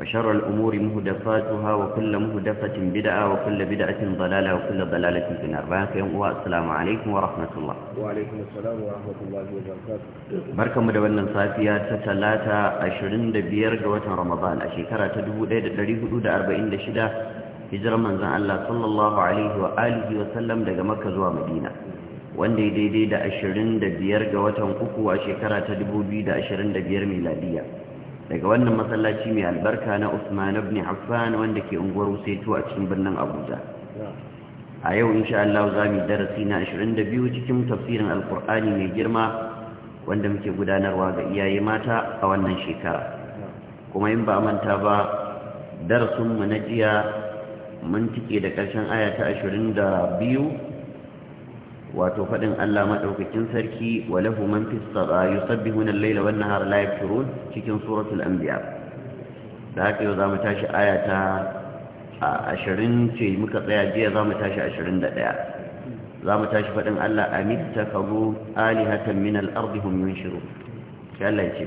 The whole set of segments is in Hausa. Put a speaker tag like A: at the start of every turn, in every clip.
A: وشر الأمور مهدفاتها وكل مهدفة بدعة وكل بدعة ضلالة وكل ضلالة في النار باكم والسلام عليكم ورحمة الله
B: وعليكم السلام ورحمة الله وبركاته بركة
A: مدونا صافية تتلاتة أشرين دبير جوة رمضان أشيكرة تدهو ديد دريه دود أربعين دشدة هجر من زعل الله صلى الله عليه وآله وسلم دقى مكة زوى مدينة wanda daidai da 25 ga watan uku a shekara ta 2025 miladiya daga wannan masallaci mai albarka na Usman ibn Affan wanda ke unguwar Useto a cikin birnin Abuja a yau insha Allah za mu darasi na 22 cikin tafsirin Alkur'ani mai girma wanda muke gudanarwa ga iyaye mata a wannan shekara kuma in ba manta ba darasin mu na jiya mun tike da ƙarshen aya ta 22 wato faɗin Allah maɗaukakin sarki wa lahu man fi saba yusabbihuna al Laila wan nahara la yafturun cikin suratul anbiya da haka yau zamu tashi aya ta 20 ce muka tsaya jiya zamu tashi 21 zamu tashi faɗin Allah amittakhadhu alihatan min al-ardi hum yunshiru sai Allah ya ce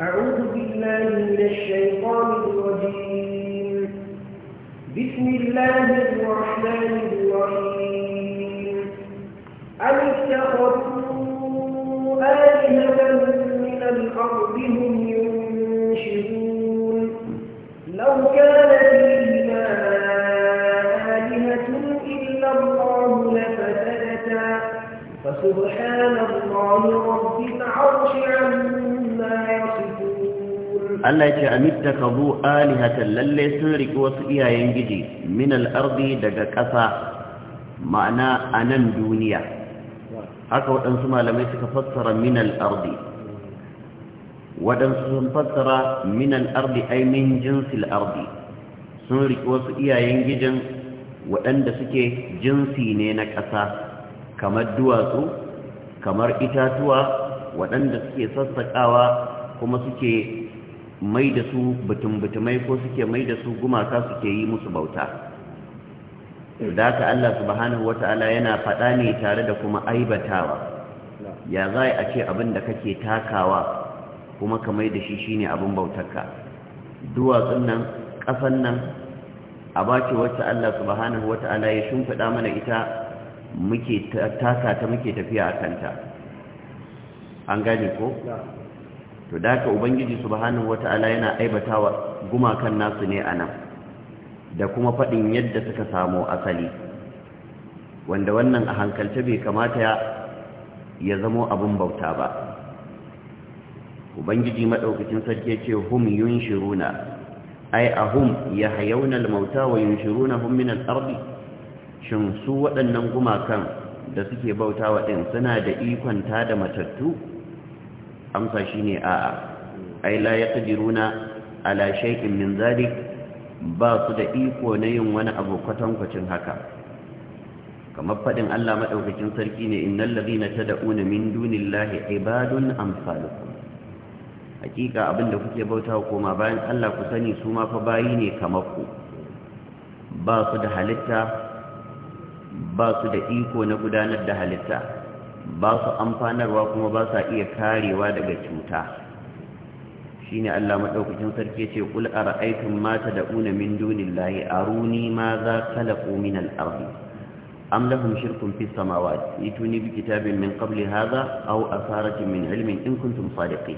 C: أعوذ بالله من الشيطان الرجيم بسم الله الرحمن الرحيم Allah ya ce, Amita ka
A: zo alihatan lalle sun riƙi wasu iyayen giji min al’arbi daga ƙasa ma’ana a nan duniya. haka waɗansu malamai suka fassara minal ardi waɗansu sun fassara minal ardi ai min ardi sun riƙe wasu iyayen gijin waɗanda suke jinsi ne na ƙasa kamar duwatsu kamar itatuwa waɗanda suke sassaƙawa kuma suke mai da su butum-butumai ko suke mai da su gumaka suke yi musu bauta da haka Allah subhanahu wata'ala yana faɗa ne tare da kuma aibatawa ya za a ce abin da kake takawa kuma kamar da shi shine abin bautarka duwatsun nan ƙasan nan a bace wacce Allah subhanahu wata'ala ya shimfiɗa mana ita muke taka ta muke tafiya a kanta an gane ko to da ka ubangiji subhanahu wata'ala yana aibatawa gumakan nasu ne anan da kuma faɗin yadda suka samo asali wanda wannan a hankalce bai kamata ya zamo abin bauta ba ubangiji maɗaukacin sarki ce hum yun shiruna ai a hum ya hayauna almauta wa yun shiruna hum min shin su waɗannan gumakan da suke bauta ɗin suna da ikon ta da matattu amsa shine a'a ai la yaqdiruna ala shay'in min zalik ba su da iko na yin wani abu kwatankwacin haka kamar faɗin Allah maɗaukacin sarki ne innal ta tad'una min dunillahi ibadun amsalukum hakika abin da kuke bauta koma bayan Allah ku sani su ma fa bayi ne kamar ku ba su da halitta ba su da iko na gudanar da halitta ba su amfanarwa kuma ba sa iya karewa daga cuta shine Allah madaukakin sarki yace kul ara'aytum ma tad'una min dunillahi aruni ma za khalaqu min al-ardi am lahum shirkun fis samawati ituni bi kitabin min qabli hadha aw asaratin min ilmin in kuntum sadiqin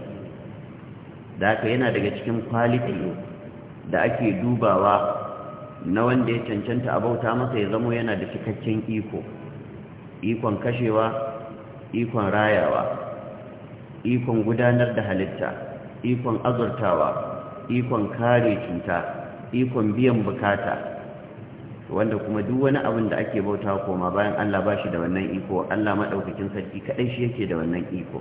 A: da yana daga cikin quality da ake dubawa na wanda ya cancanta a bauta masa ya zamo yana da cikakken iko ikon kashewa ikon rayawa ikon gudanar da halitta ikon azurtawa ikon kare cuta ikon biyan bukata wanda kuma duk wani abin da ake bauta koma bayan Allah ba shi da wannan iko Allah maɗaukakin sarki kaɗai shi yake da wannan iko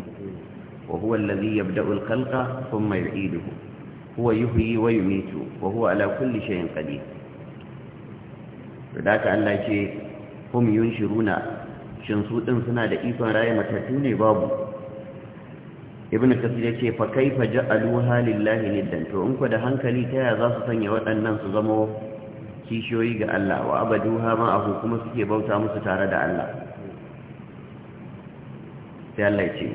A: wa huwa allazi yabda'u al-khalqa thumma yu'iduhu huwa yuhyi wa yumitu wa huwa ala kulli shay'in qadir sadaka Allah ce hum yunshiruna shin su din suna da ikon raye matattu ne babu ibn kasir yace fa kaifa ja'aluha halillahi niddan to in ku da hankali ta yaya za su sanya waɗannan su zama kishiyoyi ga Allah wa abaduha ma abu kuma suke bauta musu tare da Allah sai Allah ya ce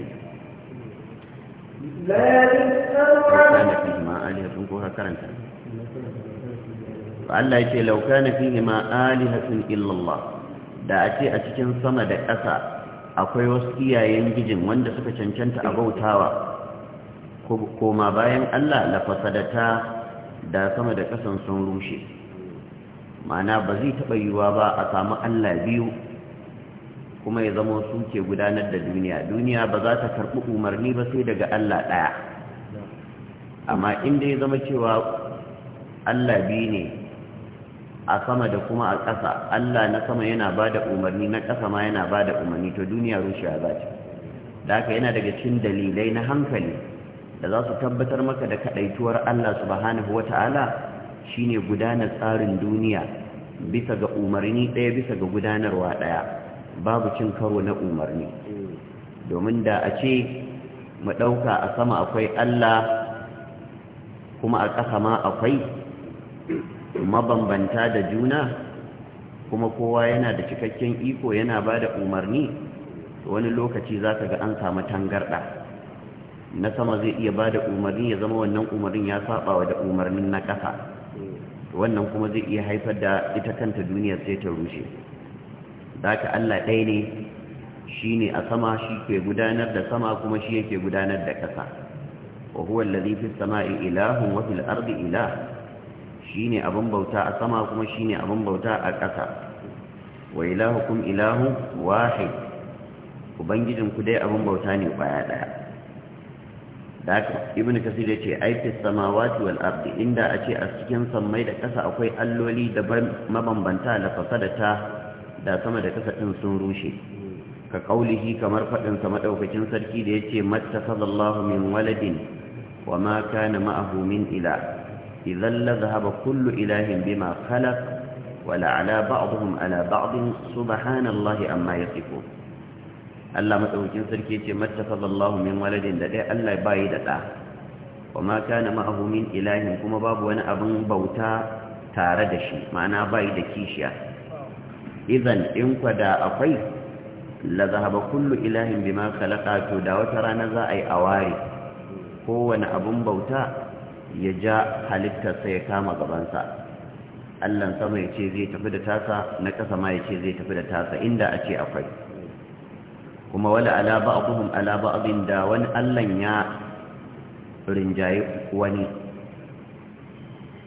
A: Allah ya ce laukana fihi ma alihatun illallah da a ce a cikin sama da ƙasa akwai wasu iyayen gijin wanda suka cancanta a bautawa koma bayan Allah la fasadata da sama da kasan sun rushe Mana ba zai taɓa yiwuwa ba a samu Allah biyu kuma ya zama su ke gudanar da duniya duniya ba za ta karɓi umarni ba sai daga Allah ɗaya amma inda ya zama cewa Allah biyu ne a sama da kuma a ƙasa Allah na sama yana ba da umarni na ƙasa ma yana ba da umarni to duniya rushewa za ta da haka yana daga cin dalilai na hankali da za su tabbatar maka da kaɗaituwar Allah subhanahu wa ta'ala shi ne gudanar tsarin duniya bisa ga umarni ɗaya bisa ga gudanarwa ɗaya babu cin karo na umarni domin da a ce mu ɗauka a sama akwai Allah kuma a ƙasa ma akwai mabambanta da juna kuma kowa yana da cikakken iko yana ba da umarni wani lokaci za ka ga an samu tangarɗa na sama zai iya ba da umarni ya zama wannan umarnin ya saba wa da umarnin na ƙasa wannan kuma zai iya haifar da ita kanta duniyar sai ta rushe za ka allah ɗaya ne shi ne a sama shi ke gudanar da sama kuma shi yake gudanar da ƙasa wa huwa allazi sama'i ilahun wa fil ardi ilah shine abin bauta a sama kuma shine abin bauta a ƙasa wa ilahukum ilahu wahid ubangijin ku dai abin bauta ne kwaya daya da ibnu kasir yace aifis samawati wal ardi inda a ce a cikin sammai da ƙasa akwai alloli daban mabambanta da fasadata da sama da ƙasa din sun rushe ka kaulihi kamar faɗin sa madaukakin sarki da yace mattakhadallahu min waladin wa ma kana ma'ahu min ila idan na zahaba kullu ilahin bi ma khalaq wala ala ba'dhum ala ba'd subhanallahi amma yasifu Allah madaukin sarki ce matta sallallahu min waladin da dai Allah bai da da kuma kana ma'ahu min kuma babu wani abin bauta tare da shi ma'ana bai da kishiya idan in kwada akwai la zahaba kullu ilahin bima khalaqatu da wata rana za a ai aware kowane abun bauta ya ja halittarsa ya kama gabansa allan sama ya ce zai tafi da tasa na ƙasa ma ya ce zai tafi da tasa inda a ce akwai kuma wala ala ba'dhum ala abin da wani allan ya rinjaye wani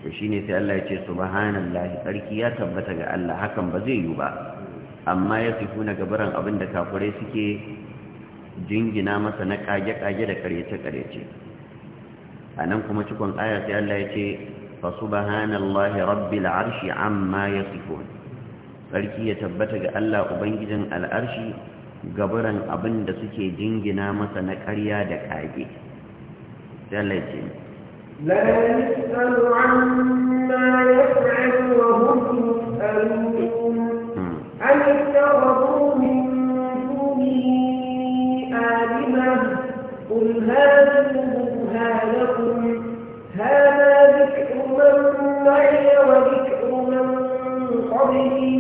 A: shi shine sai Allah ya ce subhanallahi sarki ya tabbata ga Allah hakan ba zai yi ba amma ya sifuna gabaran abin da kafirai suke jingina masa na kage kage da karyace karyace anan kuma cikon aya sai Allah ya ce fa subhanallahi rabbil arshi amma yasifun sarki ya tabbata ga Allah ubangijin al'arshi gaburan abin da suke jingina masa na ƙarya da kage sai Allah ya ce
C: la yasalu amma yaf'alu wa hum yasalun an ittakhadhu min dunihi alima qul hadhihi أبينها لكم هذا ذكر من معي وذكر من قبلي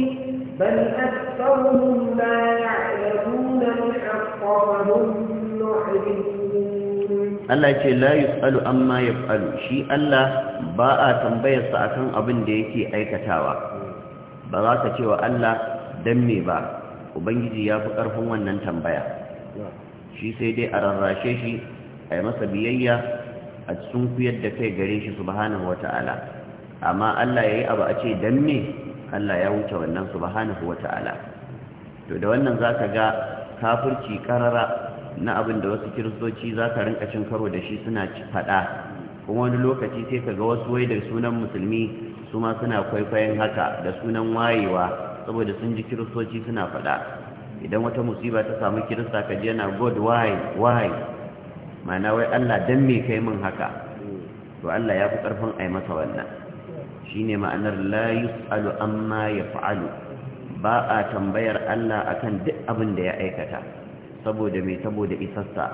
C: بل أكثرهم لا يعلمون الحق فهم معرضون
A: Allah ce la yus'alu amma yaf'alu shi Allah ba a tambayar sa akan abin da yake aikatawa ba za ka cewa Allah dan me ba ubangiji ya fi karfin wannan tambaya shi sai dai a rarrashe shi a yi masa biyayya a cikin kuyar da kai gare shi subhanahu ta'ala amma Allah ya yi abu a ce dan me Allah ya wuce wannan subhanahu ta'ala to da wannan za ka ga kafirci karara na abin da wasu kiristoci za ka rinka cin karo da shi suna faɗa kuma wani lokaci sai ka ga wasu wai da sunan musulmi su ma suna kwaikwayon haka da sunan wayewa saboda sun ji kiristoci suna faɗa idan wata musiba ta samu kirista ka ji yana god why why Ma'ana wai Allah dan me kai min haka to Allah ya fi karfin ai masa wannan shine ma'anar la yusalu amma yaf'alu ba a tambayar Allah akan duk abin da ya aikata saboda me saboda isassa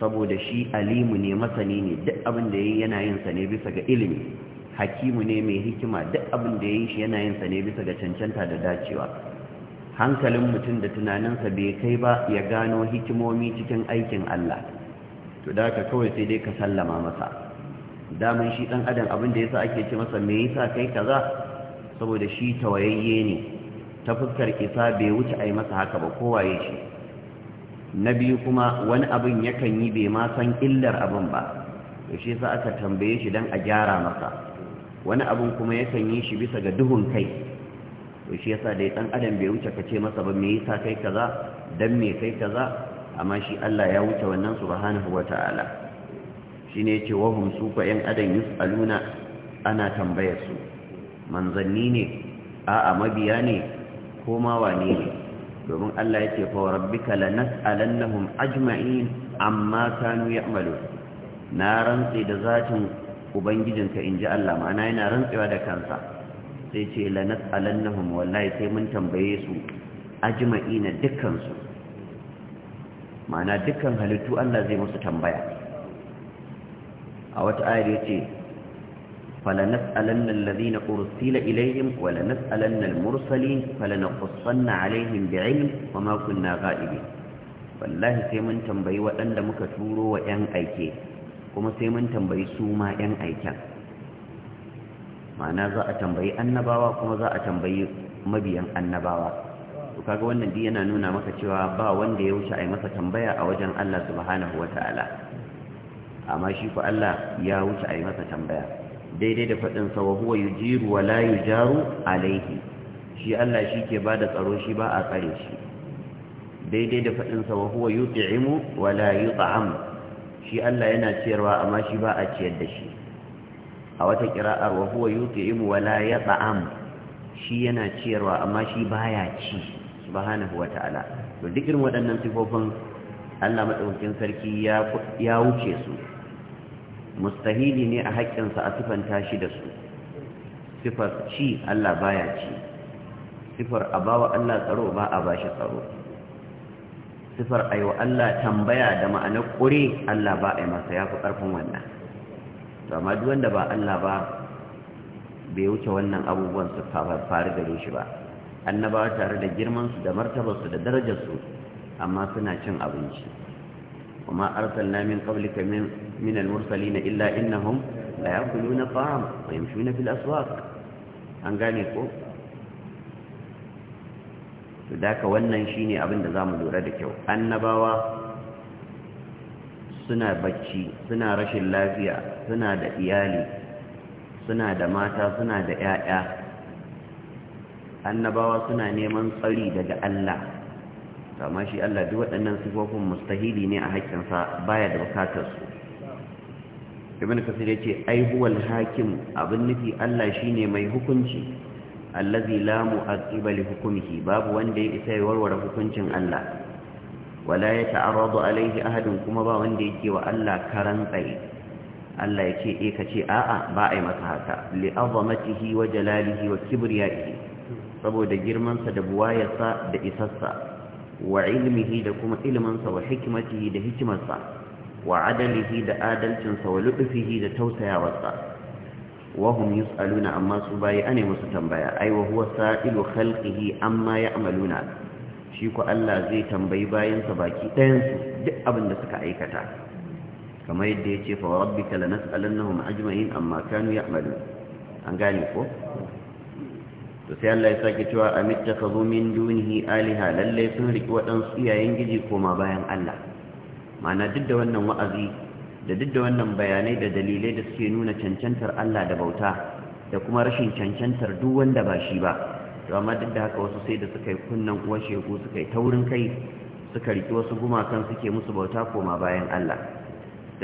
A: saboda shi alimu ne masani ne duk abin da yayi yana yin sa ne bisa ga ilimi hakimu ne mai hikima duk abin da yayi shi yana yin sa ne bisa ga cancanta da dacewa hankalin mutum da tunaninsa bai kai ba ya gano hikimomi cikin aikin Allah to da ka kawai sai dai ka sallama masa daman shi dan adam abin da yasa ake ce masa me yasa kai kaza saboda shi tawayayye ne ta fuskar isa bai wuce a yi masa haka ba ko kowaye shi na biyu kuma wani abin yakan yi bai ma san illar abin ba to shi yasa aka tambaye shi dan a gyara masa wani abin kuma yakan yi shi bisa ga duhun kai to shi yasa dai dan adam bai wuce ka ce masa ba me yasa kai kaza dan me kai kaza amma shi Allah ya wuce wannan subhanahu wata'ala shine yace wahum su fa yan adam yusaluna ana tambayarsu. manzanni ne a'a mabiya ne ko ma ne domin Allah yace fa lanas alannahun ajma'in amma kanu ya'malu na rantse da zatin ubangijinka inji Allah mana yana rantsewa da kansa sai ce alannahun wallahi sai mun tambaye su ajma'ina na su ma'ana dukkan halittu Allah zai musu tambaya a wata ayar yace falanas'alanna alladhina ursila ilayhim walanas'alanna almursalin falanqussanna alayhim bi'ilm wama kunna gha'ibin wallahi sai mun tambayi waɗanda muka turo wa ƴan aike kuma sai mun tambayi suma ma ƴan aiken ma'ana za a tambayi annabawa kuma za a tambayi mabiyan annabawa to kaga wannan duk yana nuna maka cewa ba wanda ya wuce a yi masa tambaya a wajen Allah subhanahu wata'ala amma shi ku Allah ya wuce a yi masa tambaya daidai da faɗin sa wa huwa yujiru wa la yujaru alaihi shi Allah shi ke bada tsaro shi ba a tsare shi daidai da faɗin sa wa huwa yuti'imu wa la yut'am shi Allah yana ciyarwa amma shi ba a ciyar da shi a wata kira'ar wa huwa yuti'imu wa la yat'am shi yana ciyarwa amma shi baya ci subhanahu wa ta'ala to duk waɗannan sifofin Allah madaukakin sarki ya wuce su mustahili ne a haƙƙinsa a sifanta shi da su sifar ci Allah baya ci sifar abawa Allah tsaro ba a bashi tsaro sifar aiwa Allah tambaya da ma'anar ƙure Allah ba a yi masa ya fi ƙarfin wannan to amma duk wanda ba Allah ba bai wuce wannan abubuwan su faru gare shi ba annabawa tare da girmansu da martabarsu da darajarsu amma suna cin abinci kuma arsalna min qablika min min al-mursalin illa innahum la yakuluna ta'am wa yamshuna fil aswaq an gane ko to daka wannan shine abin da zamu lura da kyau annabawa suna bacci suna rashin lafiya suna da iyali suna da mata suna da 'ya'ya annabawa suna neman tsari daga Allah kama shi Allah duk waɗannan sifofin mustahili ne a haƙƙinsa baya da bukatar su ibn kasir yace ai huwal hakim abin nufi Allah shine mai hukunci allazi la mu'aqiba li hukmihi babu wanda ya isa ya warware hukuncin Allah wala ya ta'arradu alaihi ahadun kuma ba wanda yake wa Allah karan tsaye Allah yake eh kace a'a ba ai maka haka li azamatihi wa jalalihi wa kibriyaihi saboda girmansa da buwayarsa da isarsa wa ilmihi da kuma ilmansa wa hikimatihi da hikimarsa wa adalihi da adalcinsa wa luɗufihi da tausayawarsa wa hum yus'aluna amma su bayi ane musu tambaya ai wa huwa sa'ilu khalqihi amma ya'maluna shi ku Allah zai tambayi bayansa baki ɗayansu duk abin da suka aikata kamar yadda ya ce fa rabbika lanas'alannahum ajma'in amma kanu ya'malun an gane ko to sai Allah ya sake cewa amittakhadhu min dunihi aliha lallai sun riki waɗansu iyayen giji koma bayan Allah mana duk da wannan wa'azi da duk da wannan bayanai da dalilai da suke nuna cancantar Allah da bauta da kuma rashin cancantar duk wanda ba shi ba to amma duk da haka wasu sai da suka yi kunnan uwa shegu suka yi taurin kai suka riki wasu gumakan suke musu bauta koma bayan Allah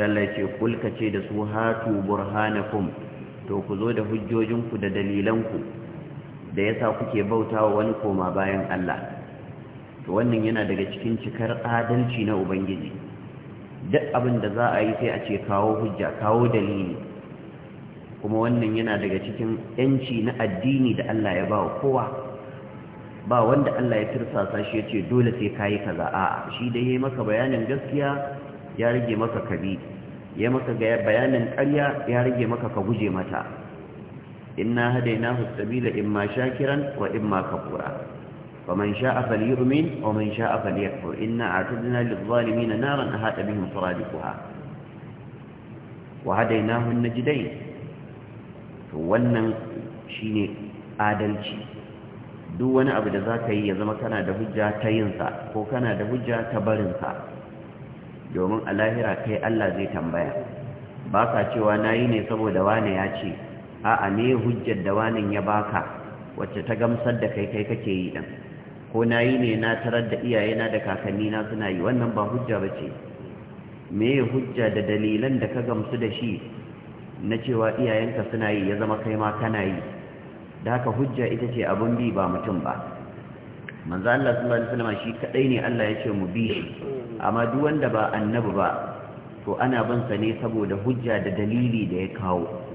A: Allah ya ce kulka da su hatu burhanakum to ku zo da hujjojinku da dalilanku da ya sa kuke bauta wa wani koma bayan Allah to wannan yana daga cikin cikar adalci na ubangiji duk abin da za a yi sai a ce kawo hujja kawo dalili kuma wannan yana daga cikin yanci na addini da Allah ya ba kowa ba wanda Allah ya tirsasa shi ya ce dole sai ka yi kaza a shi da ya yi maka bayanin gaskiya ya rage maka kabi ya yi maka bayanin karya ya rage maka ka guje mata إنا هديناه السبيل إما شاكرا وإما كفورا فمن شاء فليؤمن ومن شاء فليكفر إنا أعتدنا للظالمين نارا أهات بهم صرادقها وهديناه النجدين wannan shine adalci duk wani abu da zaka yi ya zama kana da hujja ta yinsa ko kana da hujja ta barinsa domin a lahira kai Allah zai tambaya ba ka cewa nayi ne saboda wane ya ce a'a ne hujjar da wanin ya baka wacce ta gamsar da kai kai kake yi din ko nayi ne na tarar da iyayena da kakannina suna yi wannan ba hujja bace me hujja da dalilan da ka gamsu da shi na cewa iyayenka suna yi ya zama kai ma kana yi da haka hujja ita ce abun bi ba mutum ba manzo Allah sallallahu alaihi wasallam shi kadai ne Allah ya ce mu bi shi amma duk wanda ba annabi ba to ana bin sa ne saboda hujja da dalili da ya kawo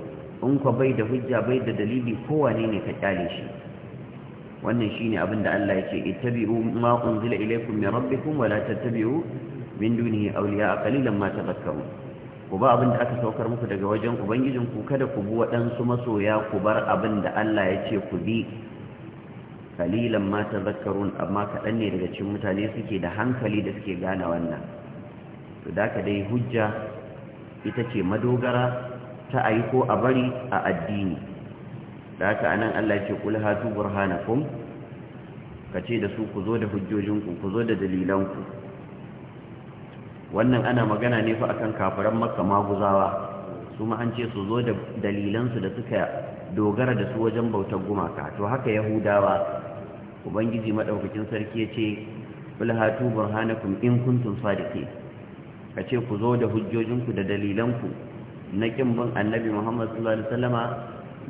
A: in kwa bai da hujja bai da dalili kowane ne ka kyale shi wannan shine abin da Allah yake ittabi'u ma unzila ilaykum min rabbikum wa la tattabi'u min dunihi awliya qalilan ma tadhakkarun ku ba abin da aka saukar muku daga wajen ubangijin ku kada ku bi waɗansu masoya ku bar abin da Allah ya ce ku bi qalilan ma tadhakkarun amma kaɗan ne daga cikin mutane suke da hankali da suke gane wannan to da ka dai hujja ita ce madogara ta a yi ko a bari a addini da haka nan Allah ce kula hatu Ka ce da su ku zo da hujjojinku ku zo da dalilanku wannan ana magana ne fa akan kafiran makka maguzawa su ma an ce su zo da dalilansu da suka dogara da su wajen bautar gumaka to haka yahudawa ubangiji madaukakin sarki ya ce bulhatu burhanakum in kuntum sadiqin ce ku zo da hujjojinku da dalilanku na ƙin bin annabi Muhammad sallallahu alaihi wasallama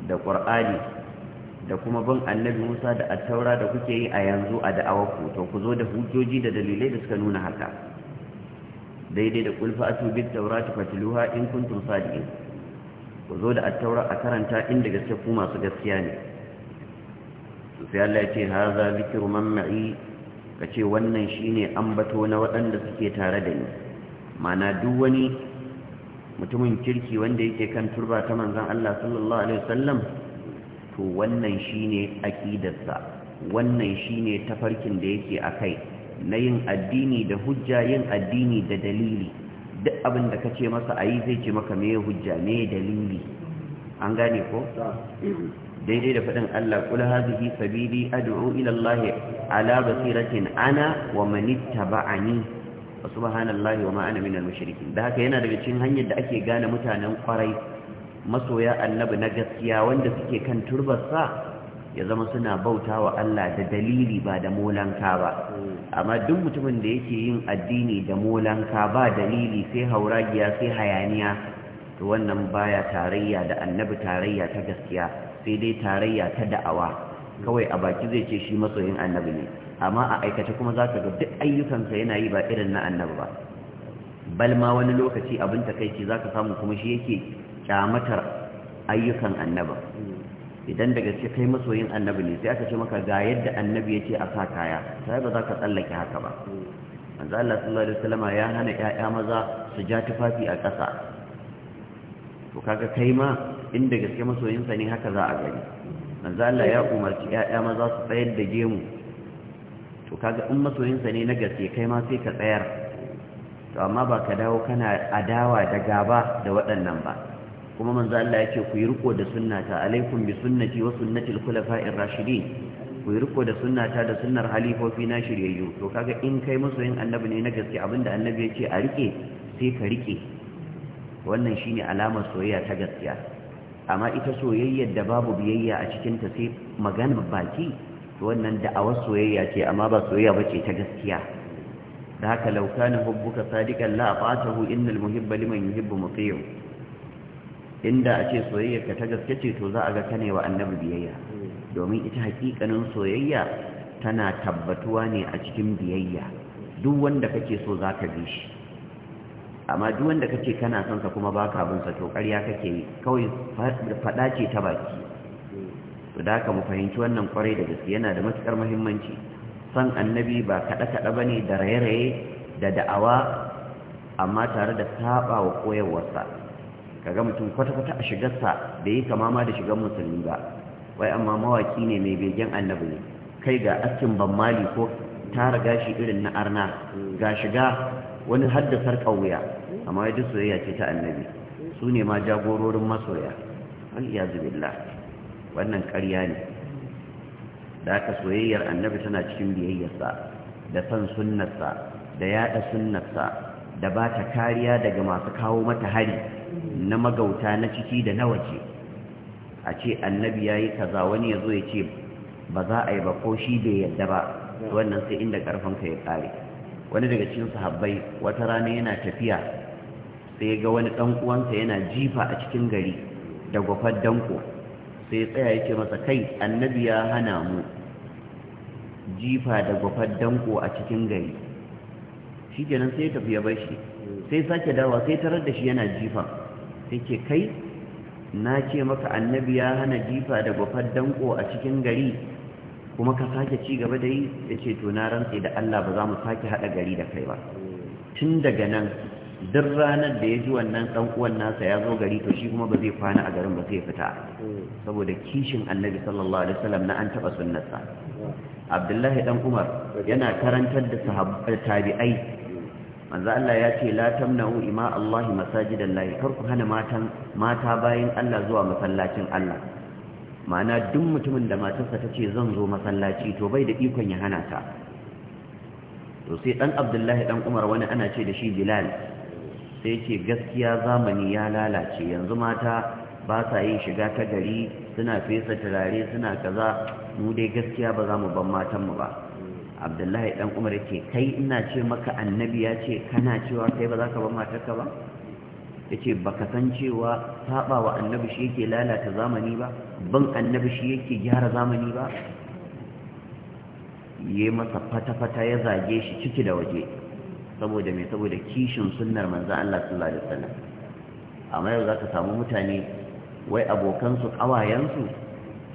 A: da Qur'ani da kuma bin annabi Musa da Attaura da kuke yi a yanzu a da'awarku to ku zo da hujjoji da dalilai da suka nuna haka daidai da qul fa'atu bit tawrati fatluha in ku zo da Attaura a karanta inda gaske ku masu gaskiya ne to sai Allah ya ce hadha zikru man ka kace wannan shine ambato na waɗanda suke tare da ni mana duk wani mutumin kirki wanda yake kan turba ta manzon Allah sallallahu alaihi wasallam to wannan shine aqidarsa wannan shine tafarkin da yake kai, na yin addini da hujja yin addini da dalili duk abin da ce masa ayi zai ce maka me hujja me dalili an gane ko daidai da faɗin Allah kula hadhihi sabili adu'u ilallahi ala basiratin ana wa man ittaba'ani wa subhanallahi wa ma ana minal mushrikin da haka yana daga cikin hanyar da ake gane mutanen kwarai masoya annabi na gaskiya wanda suke kan turbasa ya zama suna bauta wa Allah da dalili ba da molanka ba amma duk mutumin da yake yin addini da molanka ba dalili sai hauragiya sai hayaniya to wannan baya tarayya da annabi tarayya ta gaskiya sai dai tarayya ta da'awa kawai a baki zai ce shi masoyin annabi ne amma a aikace kuma za ka ga duk ayyukansa yana yi ba irin na annabi ba bal ma wani lokaci abin takaici za ka samu kuma shi yake kyamatar ayyukan annaba idan daga ce kai masoyin annabi ne sai aka ce maka ga yadda annabi ya ce a sa kaya sai ba za ka tsallake haka ba manzo Allah sallallahu alaihi wasallam ya hana ƴaƴa maza su ja tufafi a ƙasa to kaga kai ma in inda gaske masoyinsa ne haka za a gani manzo Allah ya umarci ƴaƴa maza su tsayar da gemu to kaga in masoyinsa ne na gaske kai ma sai ka tsayar to amma ba ka dawo kana adawa da gaba da waɗannan ba kuma manzo Allah yake ku yi riko da sunnata alaikum bi sunnati wa sunnatil khulafa'ir rashidin ku yi riko da sunnata da sunnar halifofi na shiryayyu to kaga in kai masoyin annabi ne na gaske abinda annabi yake a rike sai ka rike wannan shine alamar soyayya ta gaskiya amma ita soyayyar da babu biyayya a cikinta sai magana baki wannan da'awar soyayya ce amma ba soyayya ce ta gaskiya da haka lauka kana hubbuka sadiqan la fatahu innal muhibba liman yuhibbu muti'u inda a ce soyayyarka ta gaske ce to za a ga kanewa annabi biyayya domin ita hakikanin soyayya tana tabbatuwa ne a cikin biyayya duk wanda kake so za ka bi shi amma duk wanda kake kana son sa kuma baka bin sa to ƙarya kake yi kawai faɗa ce ta baki to da haka mu fahimci wannan kwarai da gaske yana da matukar muhimmanci san annabi ba kaɗe-kaɗe ba ne da raye-raye da da'awa amma tare da saba wa koyarwarsa kaga mutum kwata-kwata a shigarsa bai yi kama ma da shigar musulmi ba wai amma mawaki ne mai begen annabi ne kai ga askin ban mali ko tara gashi irin na arna ga shiga wani haddasar ƙauya amma ya soyayya ce ta annabi su ne ma jagororin masoya ya zubillah wannan ƙarya ne da aka soyayyar annabi tana cikin biyayyarsa da san sunnarsa da yada sunnarsa da ba ta kariya daga masu kawo mata hari na magauta na ciki da na waje a ce annabi ya yi kaza wani ya zo ya ce ba za a yi ba ko shi bai yadda ba wannan sai inda ƙarfinka ya ƙare wani daga cikin sahabbai wata rana yana tafiya sai ga wani ɗan uwansa yana jifa a cikin gari da gwafar danko sai tsaya yake masa kai annabi ya hana mu jifa da gufar danko a cikin gari
C: shi kenan sai tafi
A: ya bar shi sai sake dawa sai tarar da shi yana jifa sai "Ke kai na ce maka annabi ya hana jifa da gwafar danko a cikin gari kuma ka sake ci gaba da yi ya ce to na rantse da Allah ba za mu sake hada gari da kai ba tun daga nan duk ranar da ya ji wannan dan uwan nasa ya zo gari to shi kuma ba zai kwana a garin ba zai fita saboda kishin annabi sallallahu alaihi wasallam na an taɓa sunnarsa abdullahi ɗan umar yana karantar da tabi'ai manzo Allah ya ce la tamna'u ima Allah masajidallahi kar ku hana matan mata bayin Allah zuwa masallacin Allah ma'ana duk mutumin da matarsa ta ce zan zo masallaci to bai da ikon ya hana ta to sai dan abdullahi dan umar wani ana ce da shi bilal sai ce gaskiya zamani ya lalace yanzu mata ba sa yin shiga ta gari suna fesa turare suna kaza mu dai gaskiya ba za mu ban matanmu ba abdullahi dan umar yake kai ina ce maka annabi ya ce kana cewa kai ba za ka ban matarka ba yace baka san cewa saba wa annabi shi yake lalata zamani ba ban annabi shi yake gyara zamani ba yayi masa fata-fata ya zage shi ciki da waje saboda mai saboda kishin sunnar manzan Allah sallallahu alaihi wasallam amma yau zaka samu mutane wai abokansu kawayensu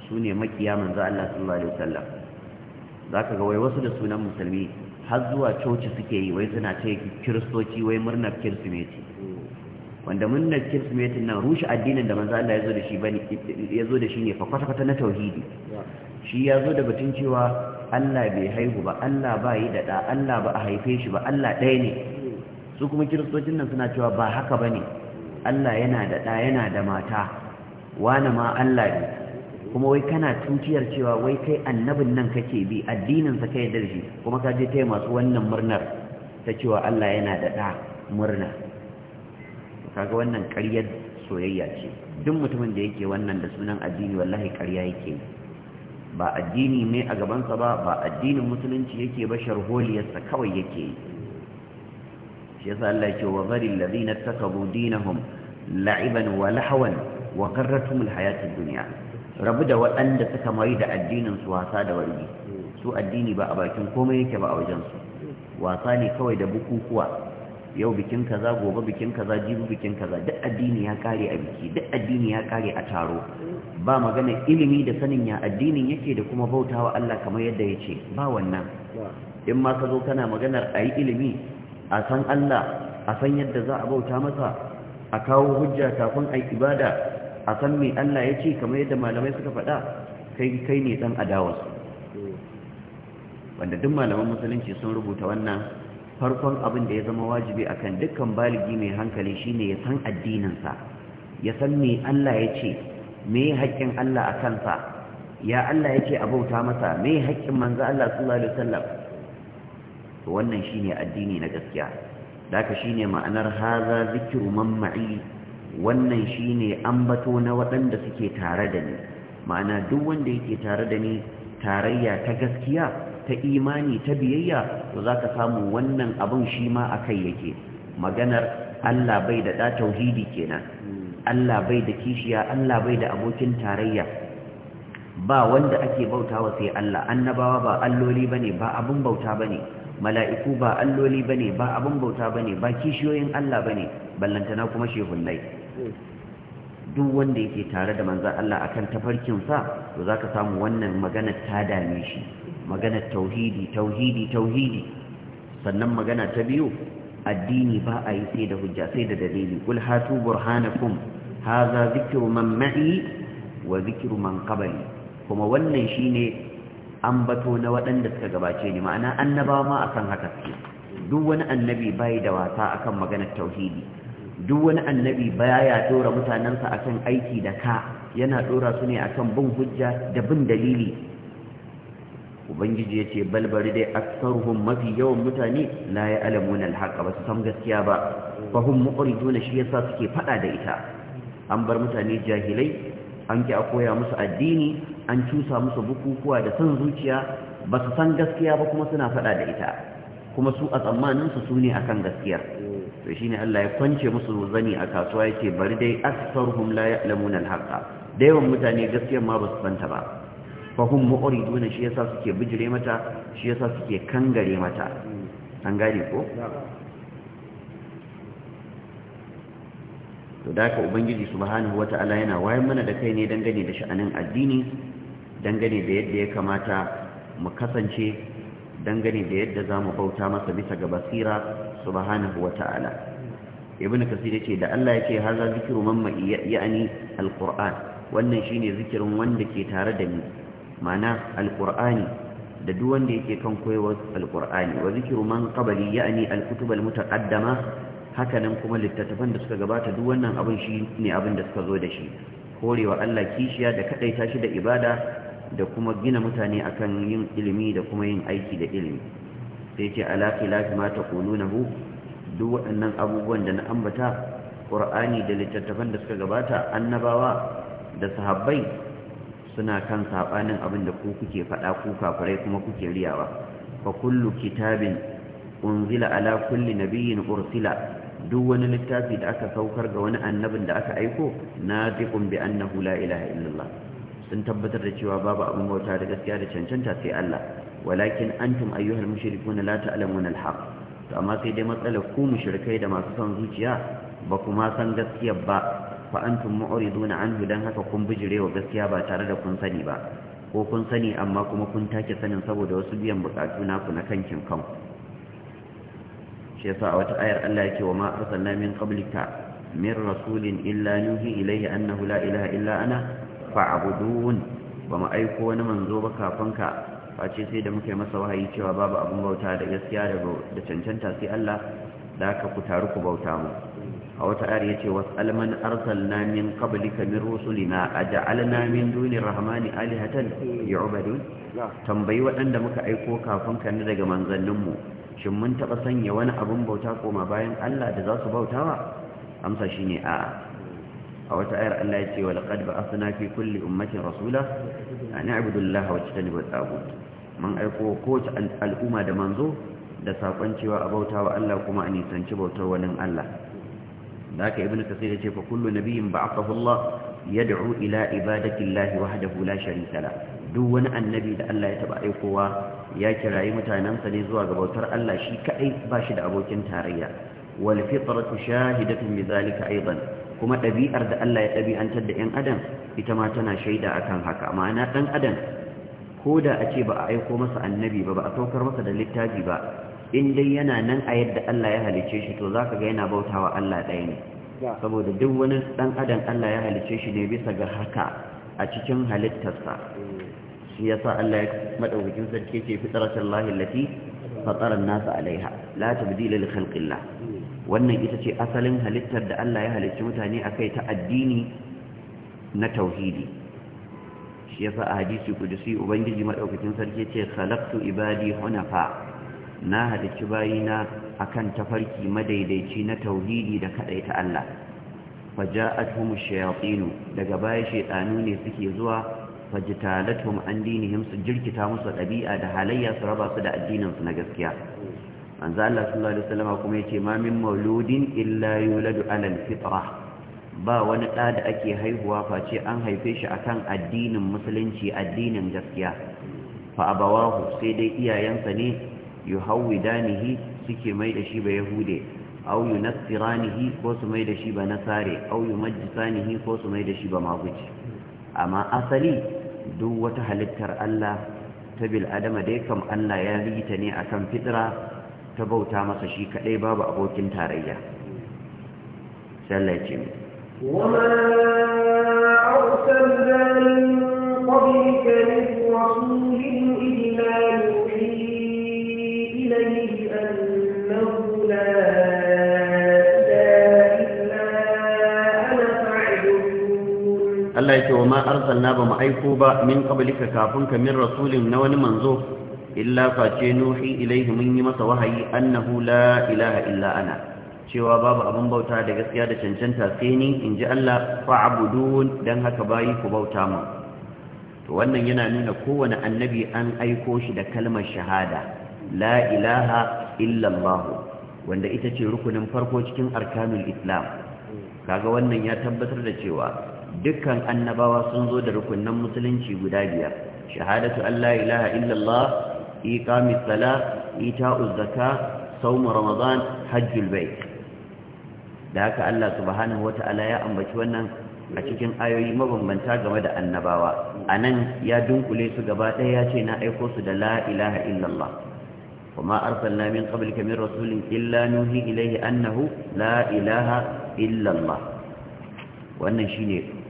A: su ne makiya manzan Allah sallallahu alaihi wasallam zaka ga wai wasu da sunan musulmi har zuwa coci suke yi wai suna ce kiristoci wai murnar kirsimeti wanda murnar kirsimetin nan rushe addinin da manzan Allah ya da shi ya da shi ne fa kwata-kwata na tauhidi shi ya zo da batun cewa Allah bai haihu ba Allah ba yi da ɗa Allah ba a haife shi ba Allah ɗaya ne su kuma kiristocin nan suna cewa ba haka ba ne Allah yana da ɗa yana da mata wane ma Allah ne kuma wai kana tuciyar cewa wai kai annabin nan kake bi addininsa kai da shi kuma ka je taya masu wannan murnar ta cewa Allah yana da ɗa murna kaga wannan ƙaryar soyayya ce duk mutumin da yake wannan da sunan addini wallahi ƙarya yake yi ba addini ne a gabansa ba ba addinin musulunci yake ba sharholiyarsa kawai yake yi shi yasa Allah yake wa taka ladina takabu dinahum la'iban wa lahawan wa qarratum alhayatid dunya rabu da waɗanda suka mai da addinin su wasa da wargi su addini ba a bakin komai yake ba a wajen su wasa ne kawai da bukukuwa yau bikin kaza gobe bikin kaza jibi bikin kaza duk addini ya kare a biki duk addini ya kare a taro ba magana ilimi da sanin ya addinin yake da kuma bautawa Allah kamar yadda yake ba wannan in ma ka zo kana maganar ayi ilimi a san Allah a san yadda za a bauta masa a kawo hujja kafin ayi ibada a san me Allah yake kamar yadda malamai suka faɗa kai kai ne dan adawa wanda duk malaman musulunci sun rubuta wannan farkon abin da ya zama wajibi akan dukkan baligi mai hankali shine ya san addininsa ya san me Allah ya ce me haƙƙin Allah a kansa ya Allah ya ce a bauta masa me haƙƙin manzo Allah sallallahu alaihi wasallam to wannan shine addini na gaskiya daka shine ma'anar haza zikru man wannan shine ambato na waɗanda suke tare da ni ma'ana duk wanda yake tare da ni tarayya ta gaskiya ta imani ta biyayya to zaka samu wannan abun shi ma akai yake maganar Allah bai da tauhidi kenan Allah bai da kishiya Allah bai da abokin tarayya ba wanda ake bautawa sai Allah annabawa ba alloli bane ba abun bauta bane mala'iku ba alloli bane ba abun bauta bane ba kishiyoyin Allah bane ballantana kuma shehunnai duk wanda yake tare da manzan Allah akan tafarkinsa to zaka samu wannan maganar ta dame shi Maganar tauhidi tauhidi tauhidi sannan magana ta biyu addini ba a yi sai da hujja sai da dalili kul hatu burhanakum hadha zikru man ma'i wa zikru man qabli kuma wannan shine ambato na waɗanda suka gabace ni ma'ana annabawa ma akan haka suke duk wani annabi bai da wasa akan maganar tauhidi duk wani annabi baya dora mutanensa akan aiki da ka yana dora su ne akan bin hujja da bin dalili ubangiji ya ce balbari dai aksaruhum mafi yawan mutane la ya alamuna alhaqa ba su san gaskiya ba fa hum muqridun shi yasa suke fada da ita an bar mutane jahilai an ki a koya musu addini an cusa musu bukukuwa da san zuciya ba su san gaskiya ba kuma suna fada da ita kuma su a tsammanin su sune akan gaskiyar to shine Allah ya kwance musu zani a kasuwa yace bari dai aksaruhum la ya alamuna alhaqa da yawan mutane gaskiyar ma ba su ta ba fahim mu'uriduna shi yasa suke bijire mata shi yasa suke kangare mata an gane ko to da haka ubangiji subhanahu wata'ala yana wayan mana da kai ne dangane da sha'anin addini dangane da yadda ya kamata mu kasance dangane da yadda za mu bauta masa bisa ga basira subhanahu ala. ibn kasir yace da Allah yake haza zikiru mamma ya'ani alquran wannan shine zikirin wanda ke tare da ni ma'ana alqur'ani da duk wanda yake kan koyewar alqur'ani wa zikru man qabli ya'ni alkutub almutaqaddama hakanan kuma littattafan da suka gabata duk wannan abin shi ne abin da suka zo da shi korewa Allah kishiya da kadaita shi da ibada da kuma gina mutane akan yin ilimi da kuma yin aiki da ilimi sai ce ala lafi ma taqulunahu duk waɗannan abubuwan da na ambata qur'ani da littattafan da suka gabata annabawa da sahabbai suna kan sabanin abin da ku kuke faɗa ku kafirai kuma kuke riyawa fa kullu kitabin unzila ala kulli nabiyyin ursila duk wani littafi da aka saukar ga wani annabin da aka aiko nadiqun bi annahu la ilaha illallah sun tabbatar da cewa babu abin bauta da gaskiya da cancanta sai Allah walakin antum ayyuhal mushrikuna la ta'lamuna al-haq to amma sai dai matsalar ku mushrikai da masu son zuciya ba kuma san gaskiyar ba fa antum mu'riduna anhu dan haka kun bijirewa gaskiya ba tare da kun sani ba ko kun sani amma kuma kun take sanin saboda wasu biyan bukatu naku na kankin kanku shi yasa a wata ayar Allah yake wa ma arsalna min qablika min rasulin illa nuhi ilayhi annahu la ilaha illa ana fa'budun ba mu aiko wani manzo ba kafin ka face sai da muke masa wahayi cewa babu abun bauta da gaskiya da cancanta sai Allah da ka ku taru ku bauta mu a wata ayar yace alman man arsalna min qablika min rusulina na min duni rahmani alihatan yu'badun tambayi waɗanda muka aiko kafin ka daga manzannin mu shin mun taba sanya wani abun bauta koma bayan Allah da za su bautawa amsa shine a'a a wata ayar Allah ce wa laqad ba'athna fi kulli ummatin rasula A ni Allaha wa tajtanibu at mun aiko kowace al'umma da manzo da saƙon cewa a bautawa Allah kuma a nisanci bautar wani Allah da haka ibn kasir yace fa kullu nabiyyin ba'athahu Allah yad'u ila ibadati Allah wahdahu la sharika la duk wani annabi da Allah ya taɓa aikowa ya kirayi mutanen sa ne zuwa ga bautar Allah shi ba shi da abokin tarayya wal fitratu shahidatun bi zalika aidan kuma ɗabi'ar da Allah ya dabi'antar da ɗan adam ita ma tana shaida akan haka ma'ana ɗan adam ko da a ce ba a aiko masa annabi ba ba a saukar masa da littafi ba in dai yana nan a yadda Allah ya halice shi to zaka ga yana bautawa Allah ɗaya ne saboda duk wani dan adam Allah ya halice shi ne bisa ga haka a cikin halittarsa hmm. shi yasa Allah ya madaukakin sarki ce fitratul lahi allati fatara an-nas alaiha la tabdila li khalqillah hmm. wannan ita ce asalin halittar da Allah ya halicci mutane akai ta addini na tauhidi shi yasa a hadisi kudusi ubangiji madaukakin sarki ce khalaqtu ibadi hunafa na halicci bayina akan tafarki madaidaici na tauhidi da kadaita Allah faja'atuhum ash-shayatin daga baya shaytanu ne suke zuwa fajtalatuhum an dinihim su jirkita musu ɗabi'a, da halayya su raba su da addinin na gaskiya manzo Allah sallallahu alaihi wasallam kuma yace ma min mauludin illa yuladu ala alfitra ba wani da da ake haihuwa face an haife shi akan addinin musulunci addinin gaskiya fa abawahu sai dai iyayensa ne yuhawidanihi suke mai da shi ba yahude auyu yunassiranihi ko su mai da shi ba nasare aw yumajjisanihi ko su mai da shi ba maguci amma asali duk wata halittar Allah ta bil adama dai kam Allah ya rita ne akan fitra ta bauta masa shi kadai babu abokin tarayya sallace mu
C: وما أرسلنا من قبلك من رسول إلا
A: ma arsalna ba mu aiko ba min qablika kafin ka min rasulin na wani manzo illa face nuhi ilaihi mun yi masa wahayi annahu la ilaha illa ana cewa babu abin bauta da gaskiya da cancanta sai ni in ji Allah fa'budun dan haka bayi ku bauta mu to wannan yana nuna kowane annabi an aiko shi da kalmar shahada la ilaha illa Allah wanda ita ce rukunin farko cikin arkanul islam kaga wannan ya tabbatar da cewa dukkan annabawa sun zo da rukunnan musulunci guda biyar shahadatu Allah la ilaha illallah iqamis sala ita'uz zaka sawm ramadan hajjul bait da haka Allah subhanahu wata'ala ya ambaci wannan a cikin ayoyi mabambanta game da annabawa anan ya dunkule su gaba ɗaya ya ce na aiko su da la ilaha illallah وما أرسلنا من قبلك min رسول illa nuhi إليه annahu لا إله إلا الله وأن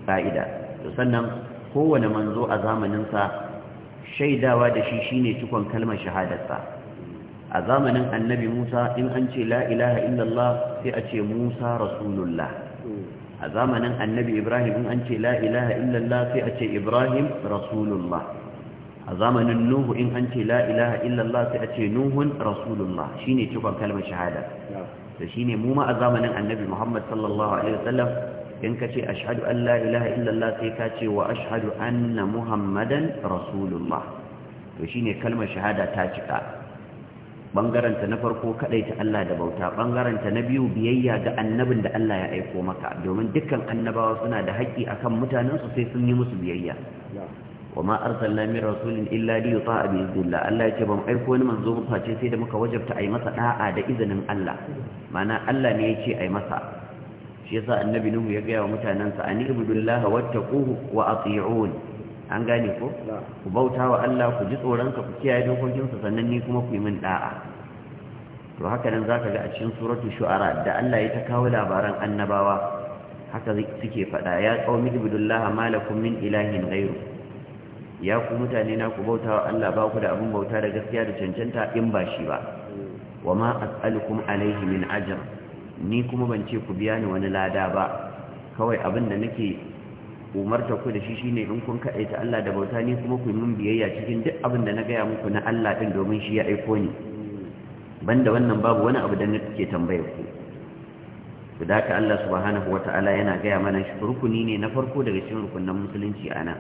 A: fa'ida to sannan kowane manzo a zamaninsa shaidawa da shi shine cikon kalmar shahadarsa a zamanin annabi Musa in an ce la illallah sai a ce Musa rasulullah a zamanin annabi Ibrahim in an ce la illallah sai a ce Ibrahim rasulullah a zamanin Nuhu in an ce la illallah sai a ce Nuhun rasulullah shine cikon kalmar shahada da shi ne mu ma a zamanin annabi Muhammad sallallahu Alaihi wasallam in ka ce ashadu an la ilaha illallah sai ka ce wa ashadu anna muhammadan rasulullah to shine kalmar shahada ta cika bangaranta na farko kadai ta Allah da bauta bangaranta na biyu biyayya ga annabin da Allah ya aiko maka domin dukkan annabawa suna da haƙƙi akan mutanen su sai sun yi musu biyayya وما أرسلنا من رسول إلا ليطاع بإذن الله الله sai da muka wajabta a yi masa وجبت da izinin Allah mana Allah ne ya ce a yi masa. shi yasa annabi nuhu ya gaya wa mutanansa Ani ibudullaha wattaquhu wa ati'un an gane ko ku bauta wa Allah ku ji tsoron ka ku kiyaye dokokin sa sannan ni kuma ku yi min da'a to haka nan zaka ga a cikin suratul shu'ara da Allah ya ta kawo labaran annabawa haka suke fada ya qaumi ibudullaha malakum min ilahin ghairu ya ku mutane na ku bauta wa Allah ba ku da abin bauta da gaskiya da cancanta in ba shi ba hmm. wa ma as'alukum alaihi min ajr ni kuma ban ce ku biya ni wani lada ba kawai abin da nake umarta ku da shi shine in kun kaɗaita Allah da bauta ni kuma ku yi min biyayya cikin duk abin da na gaya muku na Allah ɗin domin shi ya aiko ni banda wannan babu wani abu da nake tambaya ku ku da Allah subhanahu wata'ala yana gaya mana shi rukuni ne na farko daga cikin rukunan musulunci ana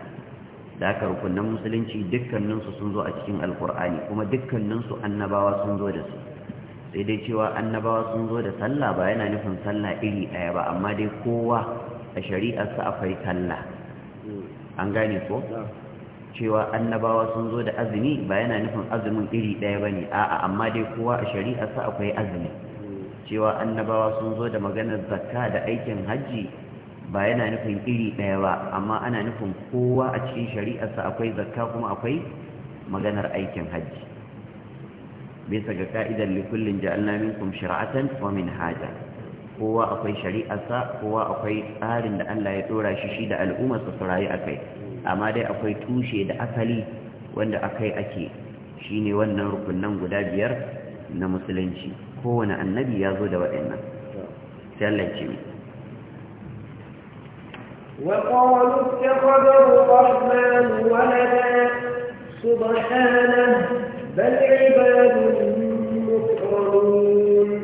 A: da Daka rukunan musulunci dukkaninsu sun zo a cikin alkur'ani kuma dukkaninsu annabawa sun zo da su sai dai cewa annabawa sun zo da sallah ba yana nufin sallah iri ɗaya ba amma dai kowa a shari'arsa akwai sallah an gane ko cewa annabawa sun zo da azumi ba yana nufin azumin iri ɗaya ba ne a'a amma dai kowa a shari'arsa akwai azumi cewa annabawa sun zo da maganar zakka da aikin hajji ba yana nufin iri ɗaya ba amma ana nufin kowa a cikin shari'arsa akwai zakka kuma akwai maganar aikin hajji bisa ga ka'idar likullin ja'alna minkum shir'atan wa minhaja kowa akwai shari'arsa kowa akwai tsarin da Allah ya dora shi shi da al'ummar su rayu akai amma dai akwai tushe da asali wanda akai ake shine wannan rukunin guda biyar na musulunci kowane annabi ya zo da waɗannan sai Allah ya ce
C: وقالوا اتخذ الرحمن ولدا سبحانه بل عباد مكرمون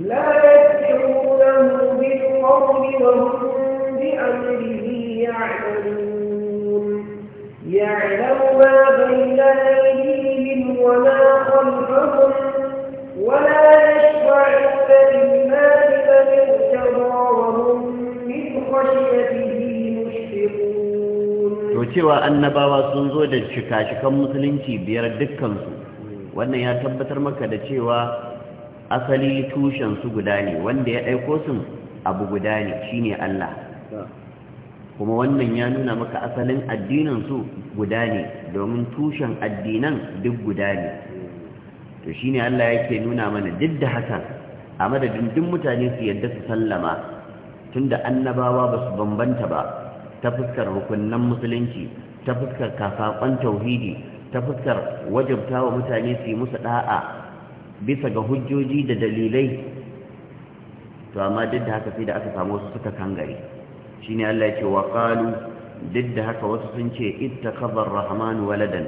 C: لا يسمعونه بالقول وهم بأمره يعلمون يعلم ما بين أيديهم وما خلفهم ولا يشفعون إلا لمن ارتضى وهم من خشيته cewa
A: annabawa sun zo da shika-shikan musulunci biyar dukkansu wannan ya tabbatar maka da cewa asali tushensu guda ne wanda ya ɗaiko sun abu guda ne shine Allah kuma wannan ya nuna maka asalin addininsu guda ne domin tushen addinan duk guda ne to shine Allah yake nuna mana duk da hakan a madadin duk mutane su yadda su sallama tunda annabawa ba su bambanta ba ta fuskar rukunnan musulunci ta fuskar kafafan tauhidi ta fuskar wajabta wa mutane su yi musu ɗa'a bisa ga hujjoji da dalilai to amma duk da haka sai da aka samu wasu suka kangare shi ne Allah ya ce wa qalu duk da haka wasu sun ce itta ar-rahman waladan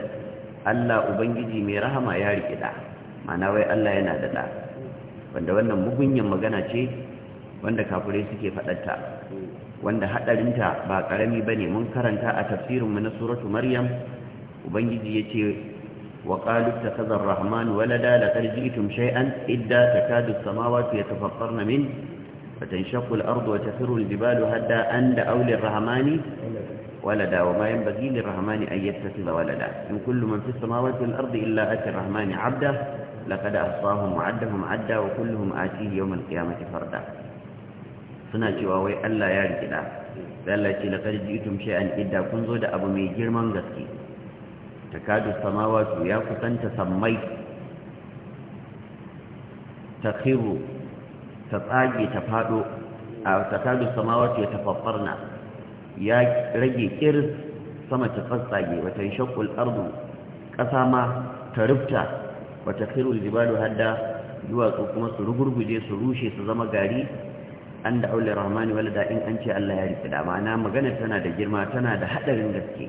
A: Allah ubangiji mai rahama ya rike da ma'ana wai Allah yana da da wanda wannan mugunyan magana ce wanda kafirai suke faɗarta wanda hadarinta ba karami bane mun karanta a tafsirin mu na suratu maryam ubangiji yace wa qalu takaza arrahman walada laqad ji'tum shai'an idda takadu as-samawati yatafakkarna min fatanshaqu al-ardu wa tafiru al-jibalu hadda an da aulin rahmani walada wa bayan bazilin rahmani an da walada in kullum man fis samawati wal-ardi illa ake ar-rahmani 'abda laqad ahsahum 'addahum 'adda wa kulluhum atihi yawm al-qiyamati farda suna cewa wai Allah ya rikida sai Allah ce laqad ji'tum shay'an idda kun zo da abu mai girman gaske takadu samawati ya kusanta sammai takhiru ta tsage ta fado a takadu samawati ya tafaffarna ya rage kirs sama ta tsage wata shaqqul ardu ƙasa ma ta rufta wata khiru jibalu hadda duwatsu kuma su rugurguje su rushe su zama gari an da aure rahmani walada in an ce Allah ya rikida, da ma'ana magana tana da girma tana da haɗarin gaske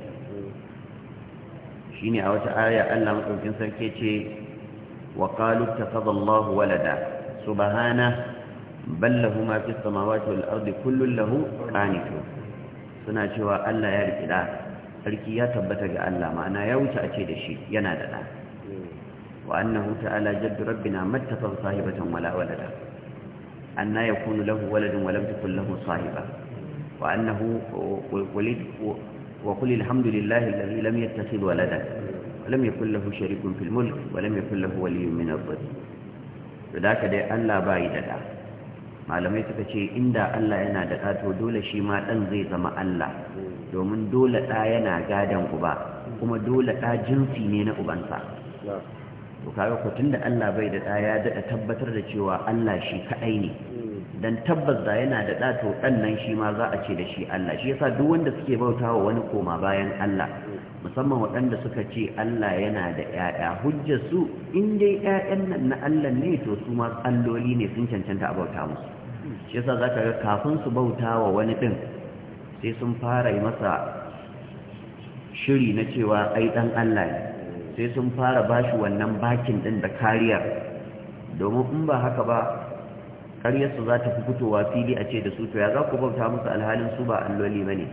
A: shine a wata aya Allah madaukin sarki ce wa qalu takhadha Allah walada subhana bal lahu ma fis samawati wal kullun lahu qanitu suna cewa Allah ya rikida, da sarki ya tabbata ga Allah ma'ana ya wuce a ce da shi yana da da wa annahu ta'ala jaddu rabbina mattafa sahibatan wala da. أن يكون له ولد ولم تكن له صاحبة وأنه ولد وقل الحمد لله الذي لم يتخذ ولدا ولم يكن له شريك في الملك ولم يكن له ولي من الظل فذاك دي ألا بايد دا malamai suka ce inda Allah yana da ɗa to dole shi ma ɗan zai zama Allah domin dole ɗa yana gadon uba kuma dole ɗa jinsi ne na ubansa to kaga ko tunda Allah bai da da ya dada tabbatar da cewa Allah shi kadai ne dan tabbas da yana da da to dan shi ma za a ce da shi Allah shi yasa duk wanda suke bautawa wani koma bayan Allah musamman waɗanda suka ce Allah yana da ƴaƴa hujjar su in dai ƴaƴan nan na Allah ne to su ma alloli ne sun cancanta a bauta musu shi yasa zaka ga kafin su bautawa wani din sai sun fara yi masa shiri na cewa ai dan Allah ne sai sun fara bashi wannan bakin din da kariyar domin in ba haka ba karyarsu za ta fi fitowa fili a ce da su to ya za ku bauta musu alhalin su ba alloli ba ne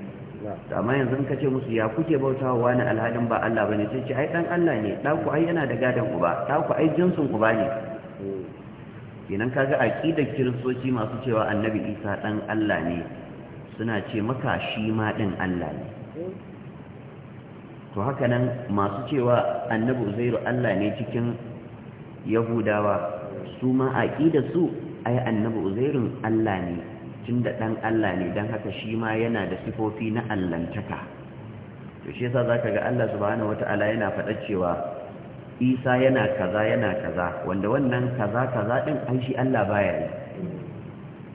A: amma yanzu ka ce musu ya kuke bauta wa wani alhalin ba Allah ba ne sai ce ai dan Allah ne ɗaku ai yana da gadon uba ɗaku ai jinsin uba ne hmm. kenan ga aqidar kiristoci masu cewa annabi isa dan Allah ne suna ce maka shi ma din Allah ne hmm. to haka nan masu cewa annabi uzairu Allah ne cikin yahudawa su ma aƙida su ai annabi uzairun Allah ne tunda dan Allah ne dan haka shi ma yana da sifofi na allantaka to shi yasa zaka ga Allah subhanahu wataala yana faɗa cewa Isa yana kaza yana kaza wanda wannan kaza kaza ɗin ai shi Allah baya yi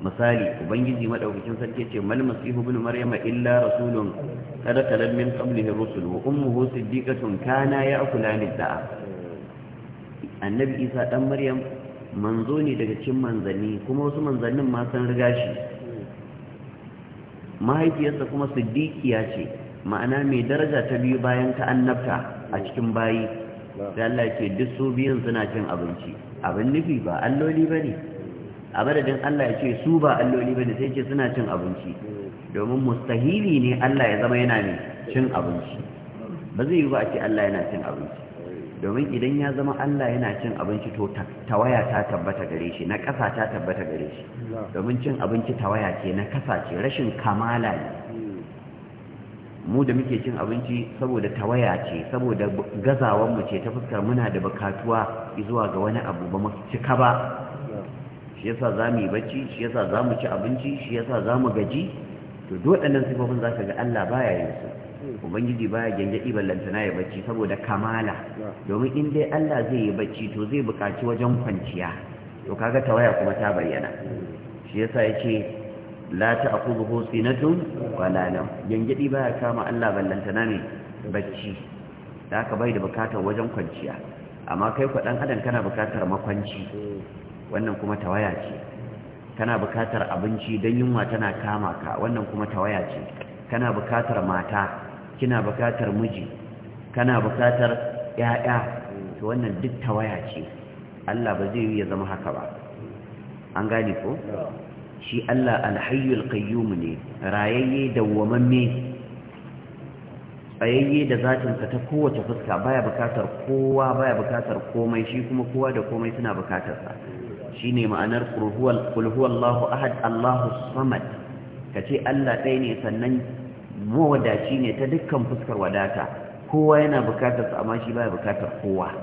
A: misali ubangiji madaukakin sarki ce mal masihu ibn maryama illa rasulun kada kalam min qablihi rusul wa ummuhu siddiqatun kana ya'kulani da'a annabi isa dan maryam manzo ne daga cikin manzanni kuma wasu manzannin ma san riga shi mahaifiyarsa kuma siddiqiya ce ma'ana mai daraja ta biyu bayan ta annabta a cikin bayi da Allah ke duk su biyun suna cin abinci abin nufi ba alloli bane a madadin Allah ya ce su ba alloli da sai ce suna cin abinci domin mustahili ne Allah ya zama yana ne cin abinci ba zai yi ba a ce Allah yana cin abinci domin idan ya zama Allah yana cin abinci to tawaya ta tabbata gare shi na kasa ta tabbata gare shi domin cin abinci tawaya ce na kasa ce rashin kamala ne mu da muke cin abinci saboda tawaya ce saboda gazawan mu ce ta fuskar muna da bukatuwa zuwa ga wani abu ba mu cika ba shi yasa za mu yi bacci shi yasa za mu ci abinci shi yasa za mu gaji to duk waɗannan sifofin za ka ga Allah baya yin su ubangiji baya gyangyaɗi lantana ya bacci saboda kamala domin in dai Allah zai yi bacci to zai bukaci wajen kwanciya to kaga tawaya kuma ta bayyana shi yasa yace la buhu sinatun wala nawm gyangyaɗi baya kama Allah ballantana ne bacci da ka bai da buƙatar wajen kwanciya amma kai ku dan adam kana buƙatar makwanci hmm. wannan kuma tawaya ce kana bukatar abinci don yunwa tana kama ka wannan kuma tawaya ce kana bukatar mata kina bukatar miji kana bukatar ya'ya to wannan duk tawaya ce Allah ba zai yi ya zama haka ba an gane ko shi Allah alhayyul qayyum ne rayayye dawwamamme tsayayye da zatinsa ta kowace fuska baya bukatar kowa baya bukatar komai shi kuma kowa da komai suna bukatarsa shine ma'anar qul huwallahu ahad Allahu samad kace Allah ɗaya ne sannan mawadaci ne ta dukkan fuskar wadata kowa yana bukatar sa amma shi baya bukatar kowa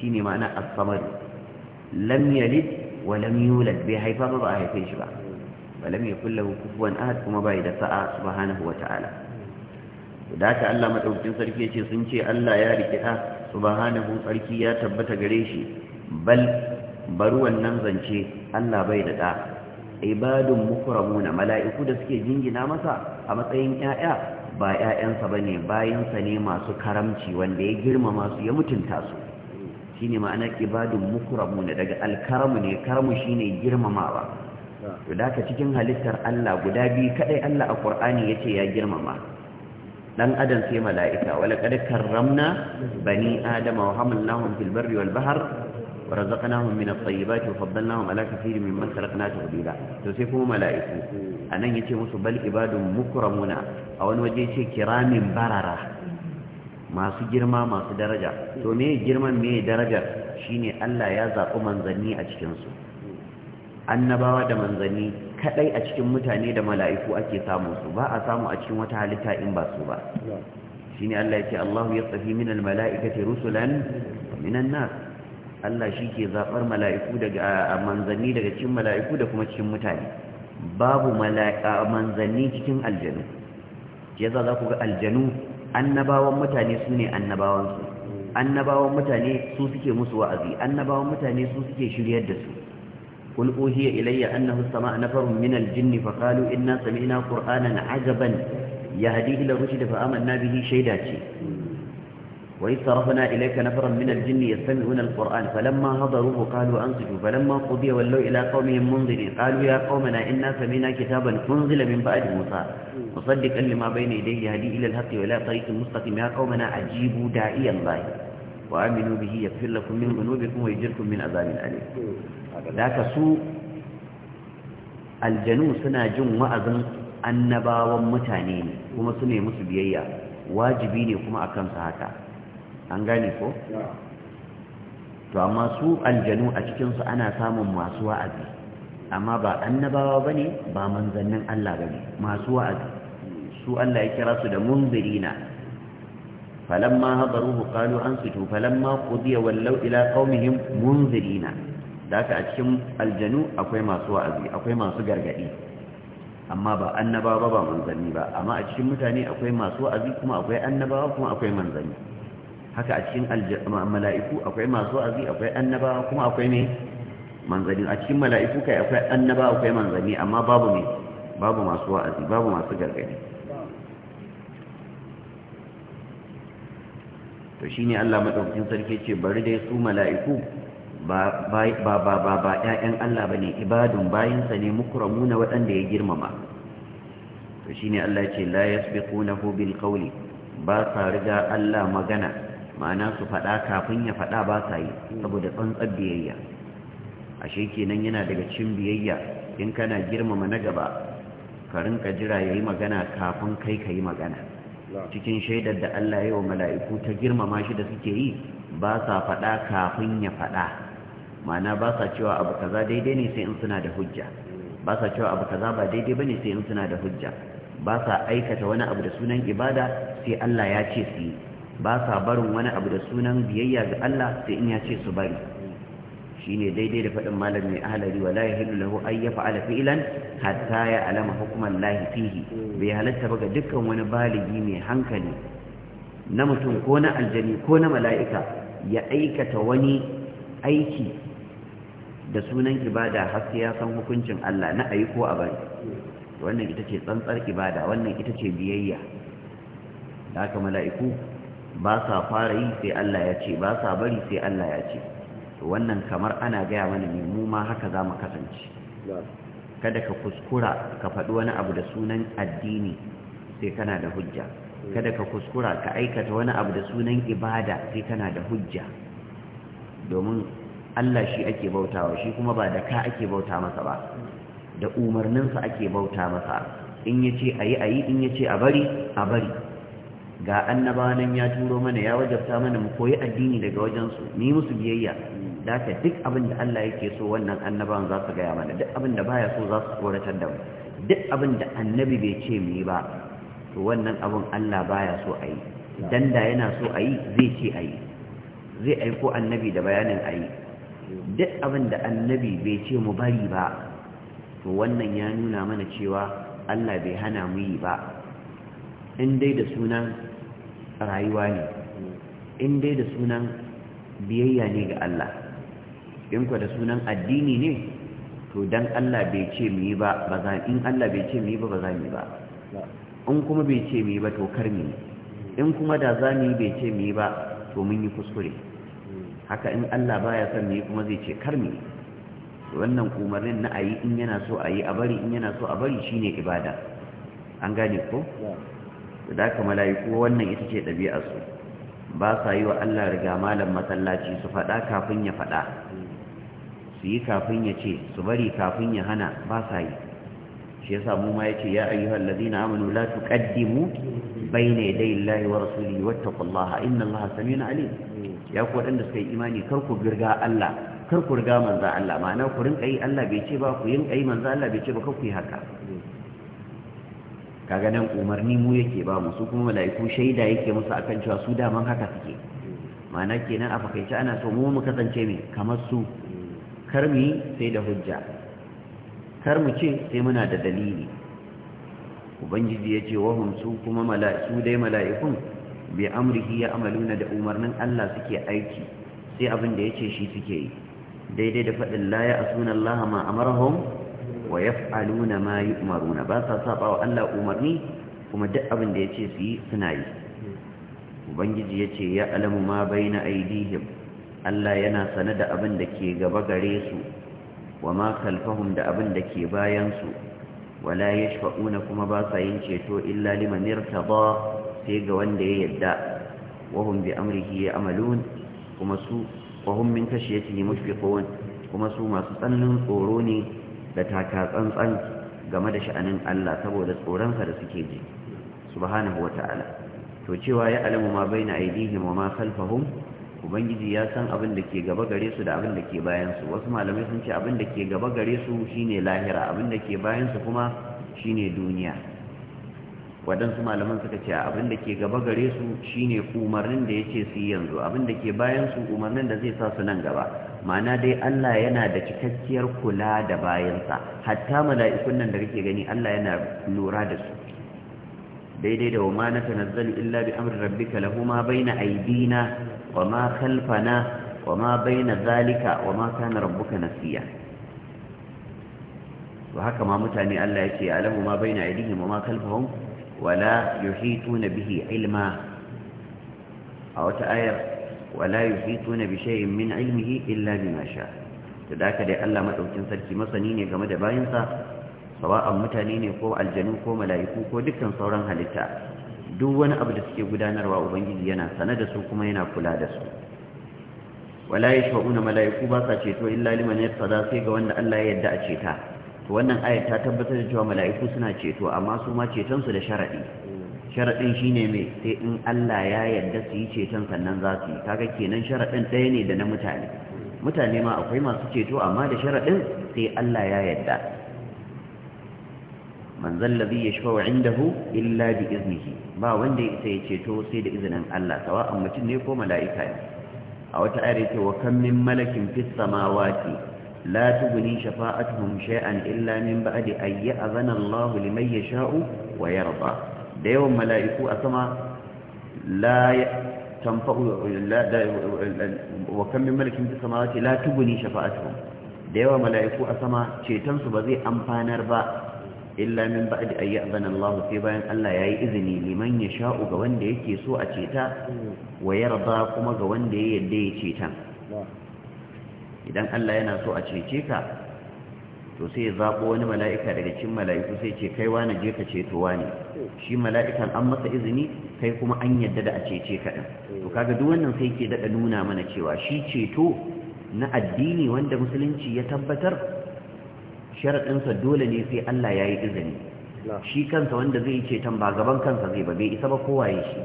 A: shine ma'ana as-samad lam yalid wa lam yulad bai haifa ba ba haife shi ba ولم يكن له كفوا احد كما باي da sa'a subhanahu wataala daka Allah madaukakin sarki yace sun ce Allah ya rike da subhanahu sarki ya tabbata gare shi bal bari wannan zance Allah bai da ɗa ibadun mukramuna mala'iku da suke jingina masa a matsayin ƴaƴa ba ƴaƴansa bane bayansa ne masu karamci wanda ya girmama su ya mutunta su shine ma'anar ibadun mukramuna daga alkaramu ne karamu shine girmamawa to da cikin halittar Allah guda biyu kadai Allah a Qur'ani yace ya girmama dan adam sai mala'ika wala kad karramna bani adama wa hamalnahum fil barri wal bahr ورزقناهم من الطيبات وفضلناهم على كثير ممن خلقنا تفضيلا to sai kuma mala'iku anan yace musu bal ibadun mukramuna a wani waje yace kiramin barara masu girma masu daraja to me girman me darajar shine Allah ya zaɓi manzanni a cikin annabawa da manzani kaɗai a cikin mutane da mala'iku ake samu su ba a samu a cikin wata halitta in ba su ba shine Allah yace Allahu ya yastafi minal mala'ikati rusulan minan nas Allah shi ke zaɓar mala'iku daga manzanni daga cikin mala'iku da kuma cikin mutane babu manzanni cikin aljanu yadda za ku ga aljanu annabawan mutane su ne annabawansu annabawan mutane su suke musu wa'azi annabawan mutane su suke shiryar da su قل أوهي إلي أنه استمع نفر من الجن فقالوا إنا سمعنا قرآنا عجبا da Fa'amanna bihi, Shaida ce. وإذ صرفنا إليك نفرا من الجن يستمعون القرآن فلما هضروه قالوا أنصتوا فلما قضي ولوا إلى قومهم منذرين قالوا يا قومنا إنا سمينا كتابا أنزل من بعد موسى مصدقا لما بين يديه يهدي إلى الحق ولا طريق مستقيم يا قومنا أجيبوا داعي الله وآمنوا به يغفر لكم من ذنوبكم ويجركم من عذاب أليم ذاك سوء aljanu suna jin wa'azin annabawan mutane ne kuma su ne musu biyayya wajibi ne kuma akan su haka an gane ko to amma su aljanu a cikinsu ana samun masu wa'azi amma ba annabawa ba ne ba manzannin Allah ba ne masu wa'azi su Allah ya kira su da munzirina falamma hadaruhu qalu ansitu falamma qudiya wallau ila qaumihim munzirina daka a cikin aljanu akwai masu wa'azi akwai masu gargadi amma ba annabawa ba manzanni ba amma a cikin mutane akwai masu wa'azi kuma akwai annabawa kuma akwai manzanni haka a cikin mala'iku akwai masu wa'azi akwai annabawa kuma akwai ne manzani a cikin mala'iku kai akwai annabawa akwai manzani amma babu ne babu masu wa'azi babu masu gargadi to shine Allah madaukakin sarki ce bari dai su mala'iku ba ba ba ba ba ƴaƴan Allah bane ibadun bayinsa ne mukramuna waɗanda ya girmama to shine Allah ce la yasbiqunahu bil qawli ba sa riga Allah magana ma'ana su faɗa kafin ya faɗa ba sa yi saboda tsantsar biyayya ashe kenan yana daga cin biyayya in kana girmama na gaba ka rinka jira yi magana kafin kai ka yi magana cikin shaidar da Allah ya yi wa mala'iku ta girmama shi da suke yi ba sa faɗa kafin ya faɗa ma'ana ba sa cewa abu kaza daidai ne sai in suna da hujja ba sa cewa abu kaza ba daidai bane sai in suna da hujja ba sa aikata wani abu da sunan ibada sai Allah ya ce su yi ba sa barin wani abu da sunan biyayya ga Allah sai in ya ce su bari Shi ne daidai da faɗin malami. mai wa lahi yahillu lahu ya fa'ala fi'ilan hatta alama alama lahi fihi bai halatta ba ga dukkan wani baligi mai hankali na mutum ko na aljani ko na mala'ika ya aikata wani aiki da sunan ibada har sai ya san hukuncin Allah na ayi ko a bari wannan ita ce tsantsar ibada wannan ita ce biyayya da haka mala'iku ba sa fara yi sai Allah ya ce ba sa bari sai Allah ya ce wannan kamar ana gaya mana ne mu ma haka za mu kasance kada ka kuskura ka faɗi wani abu da sunan addini sai kana da hujja kada ka kuskura ka aikata wani abu da sunan ibada sai kana da hujja domin Allah shi ake bautawa shi kuma ba da ka ake bauta masa ba da umarninsa ake bauta masa in yace ayi ayi in yace a bari a bari ga annaba nan ya turo mana ya wajabta mana mu koyi addini daga wajensu ni musu biyayya da haka duk abin da Allah yake so wannan annabawan za su gaya mana duk abin da baya so za su tsoratar da mu duk abin da annabi bai ce mu yi ba to wannan abin Allah baya so a yi idan da yana so a yi zai ce a yi zai aiko annabi da bayanin a yi duk abin da annabi bai ce mu bari ba to wannan ya nuna mana cewa Allah bai hana mu yi ba in dai da sunan rayuwa ne in dai da sunan biyayya ne ga Allah in kwa da sunan addini ne to dan Allah bai ce mu yi ba ba za in Allah bai ce mu yi ba ba za mu yi ba in kuma bai ce mu yi ba to kar mu in kuma da za mu yi bai ce mu yi ba to mun yi kuskure haka in Allah baya son mu yi kuma zai ce kar mu wannan umarnin na ayi in yana so ayi a bari in yana so a bari shine ibada an gane ko da haka mala'iku wannan ita ce ɗabi'arsu ba sa yi wa Allah riga malam masallaci su faɗa kafin ya faɗa su yi kafin ya ce su bari kafin ya hana ba sa yi shi yasa mu ma ya ce ya ayyuhal ladina amanu la tuqaddimu bayna dai, Allahi wa rasulihi kullaha? inna Allaha na alim ya ku wadanda suka yi imani kar ku girga Allah kar ku riga manza Allah ma'ana ku rinka yi Allah bai ce ba ku yin ayi manza Allah bai ce ba ku yi haka kaga nan umarni mu yake ba mu su kuma mala'iku shaida yake musu akan cewa su daman haka suke ma'ana kenan a fakaice ana so mu mu kasance mai kamar su kar mu sai da hujja kar mu ce sai muna da dalili ubangiji ya ce hum su kuma mala'iku dai mala'ikun bi amrihi ya amaluna da umarnin Allah suke aiki sai abin da yace shi suke yi daidai da faɗin la ya asuna Allah ma amarhum wa yaf'aluna ma yu'maruna ba sa saba wa Allah umarni kuma duk abin da yace su yi suna yi ubangiji yace ya alamu ma baina aydihim Allah yana sane da abin da ke gaba gare su wa ma khalfahum da abin da ke bayan su wala yashfa'una kuma ba sa yin ceto illa liman irtada sai ga wanda ya yadda wa hum amurki ya ya'malun kuma su wa hum min khashyatihi mushfiqun kuma su masu tsananin tsoro ne da taka tsantsan game da sha'anin Allah saboda tsoronsa da suke ji subhanahu wata'ala to cewa ya alamu ma baina aidihim wa ma khalfahum ubangiji ya san abin da ke gaba gare su da abin da ke bayan su wasu malamai sun ce abin da ke gaba gare su shine lahira abin da ke bayan su kuma shine duniya waɗansu malaman suka ce abin da ke gaba gare su shine umarnin da ya ce su yanzu abin da ke bayan su umarnin da zai sa su nan gaba ma'ana dai Allah yana da cikakkiyar kula da bayansa hatta mala'ikun nan da kake gani Allah yana lura da su daidai da wama na tanazzalu illa bi amri rabbika lahu ma baina aydina wa ma khalfana wa ma baina zalika wa ma kana rabbuka nasiya to haka ma mutane Allah yake alamu ma baina aydihim wa ma khalfahum wala yuhituna bihi ilma a wata ayar wala yuhituna bi shay'in min ilmihi illa bima sha to da haka dai Allah madaukin sarki masani ne game da bayinsa sawa'an mutane ne ko aljanu ko mala'iku ko dukkan sauran halitta duk wani abu da suke gudanarwa ubangiji yana sane da su kuma yana kula da su wala yashfa'una mala'iku ba sa ceto illa liman yatada sai ga wanda Allah ya yarda a ceta to wannan ayat ta tabbatar da cewa malayiku suna ceto amma su ma ceton su da sharaɗi. sharaɗin shine mai sai in Allah ya yarda su yi ceton sannan za su yi kaga kenan sharaɗin ɗaya ne da na mutane mutane ma akwai masu ceto amma da sharaɗin sai Allah ya yarda man zallabi ya shafa indahu illa bi iznihi ba wanda ya isa ya ceto sai da izinin Allah sawa'an mutum ne ko mala'ika ne a wata ayar yake wa kan min malakin fis samawati لا shafa'atuhum شفاعتهم illa min من بعد أن يأذن الله لمن wa ويرضى da yawan mala'iku a sama la tanfa'u wa kan min malakin fi samawati la tubni da yawan mala'iku a sama ceton su ba zai amfanar ba illa min a yi a Allah sai bayan Allah yayi izini liman ya sha'u ga wanda yake so a ceta wa yarda kuma ga wanda ya yadda ya ceta idan Allah yana so a cece ka to sai ya zaɓo wani mala'ika daga cikin mala'iku sai ce kai wani je ka cetowa ne shi mala'ikan an masa izini kai kuma an yadda da a cece ka ɗin to kaga duk wannan sai ke daɗa nuna mana cewa shi ceto na addini wanda musulunci ya tabbatar sharaɗinsa dole ne sai Allah ya yi izini shi kansa wanda zai yi ceton ba gaban kansa zai ba bai isa ba kowaye shi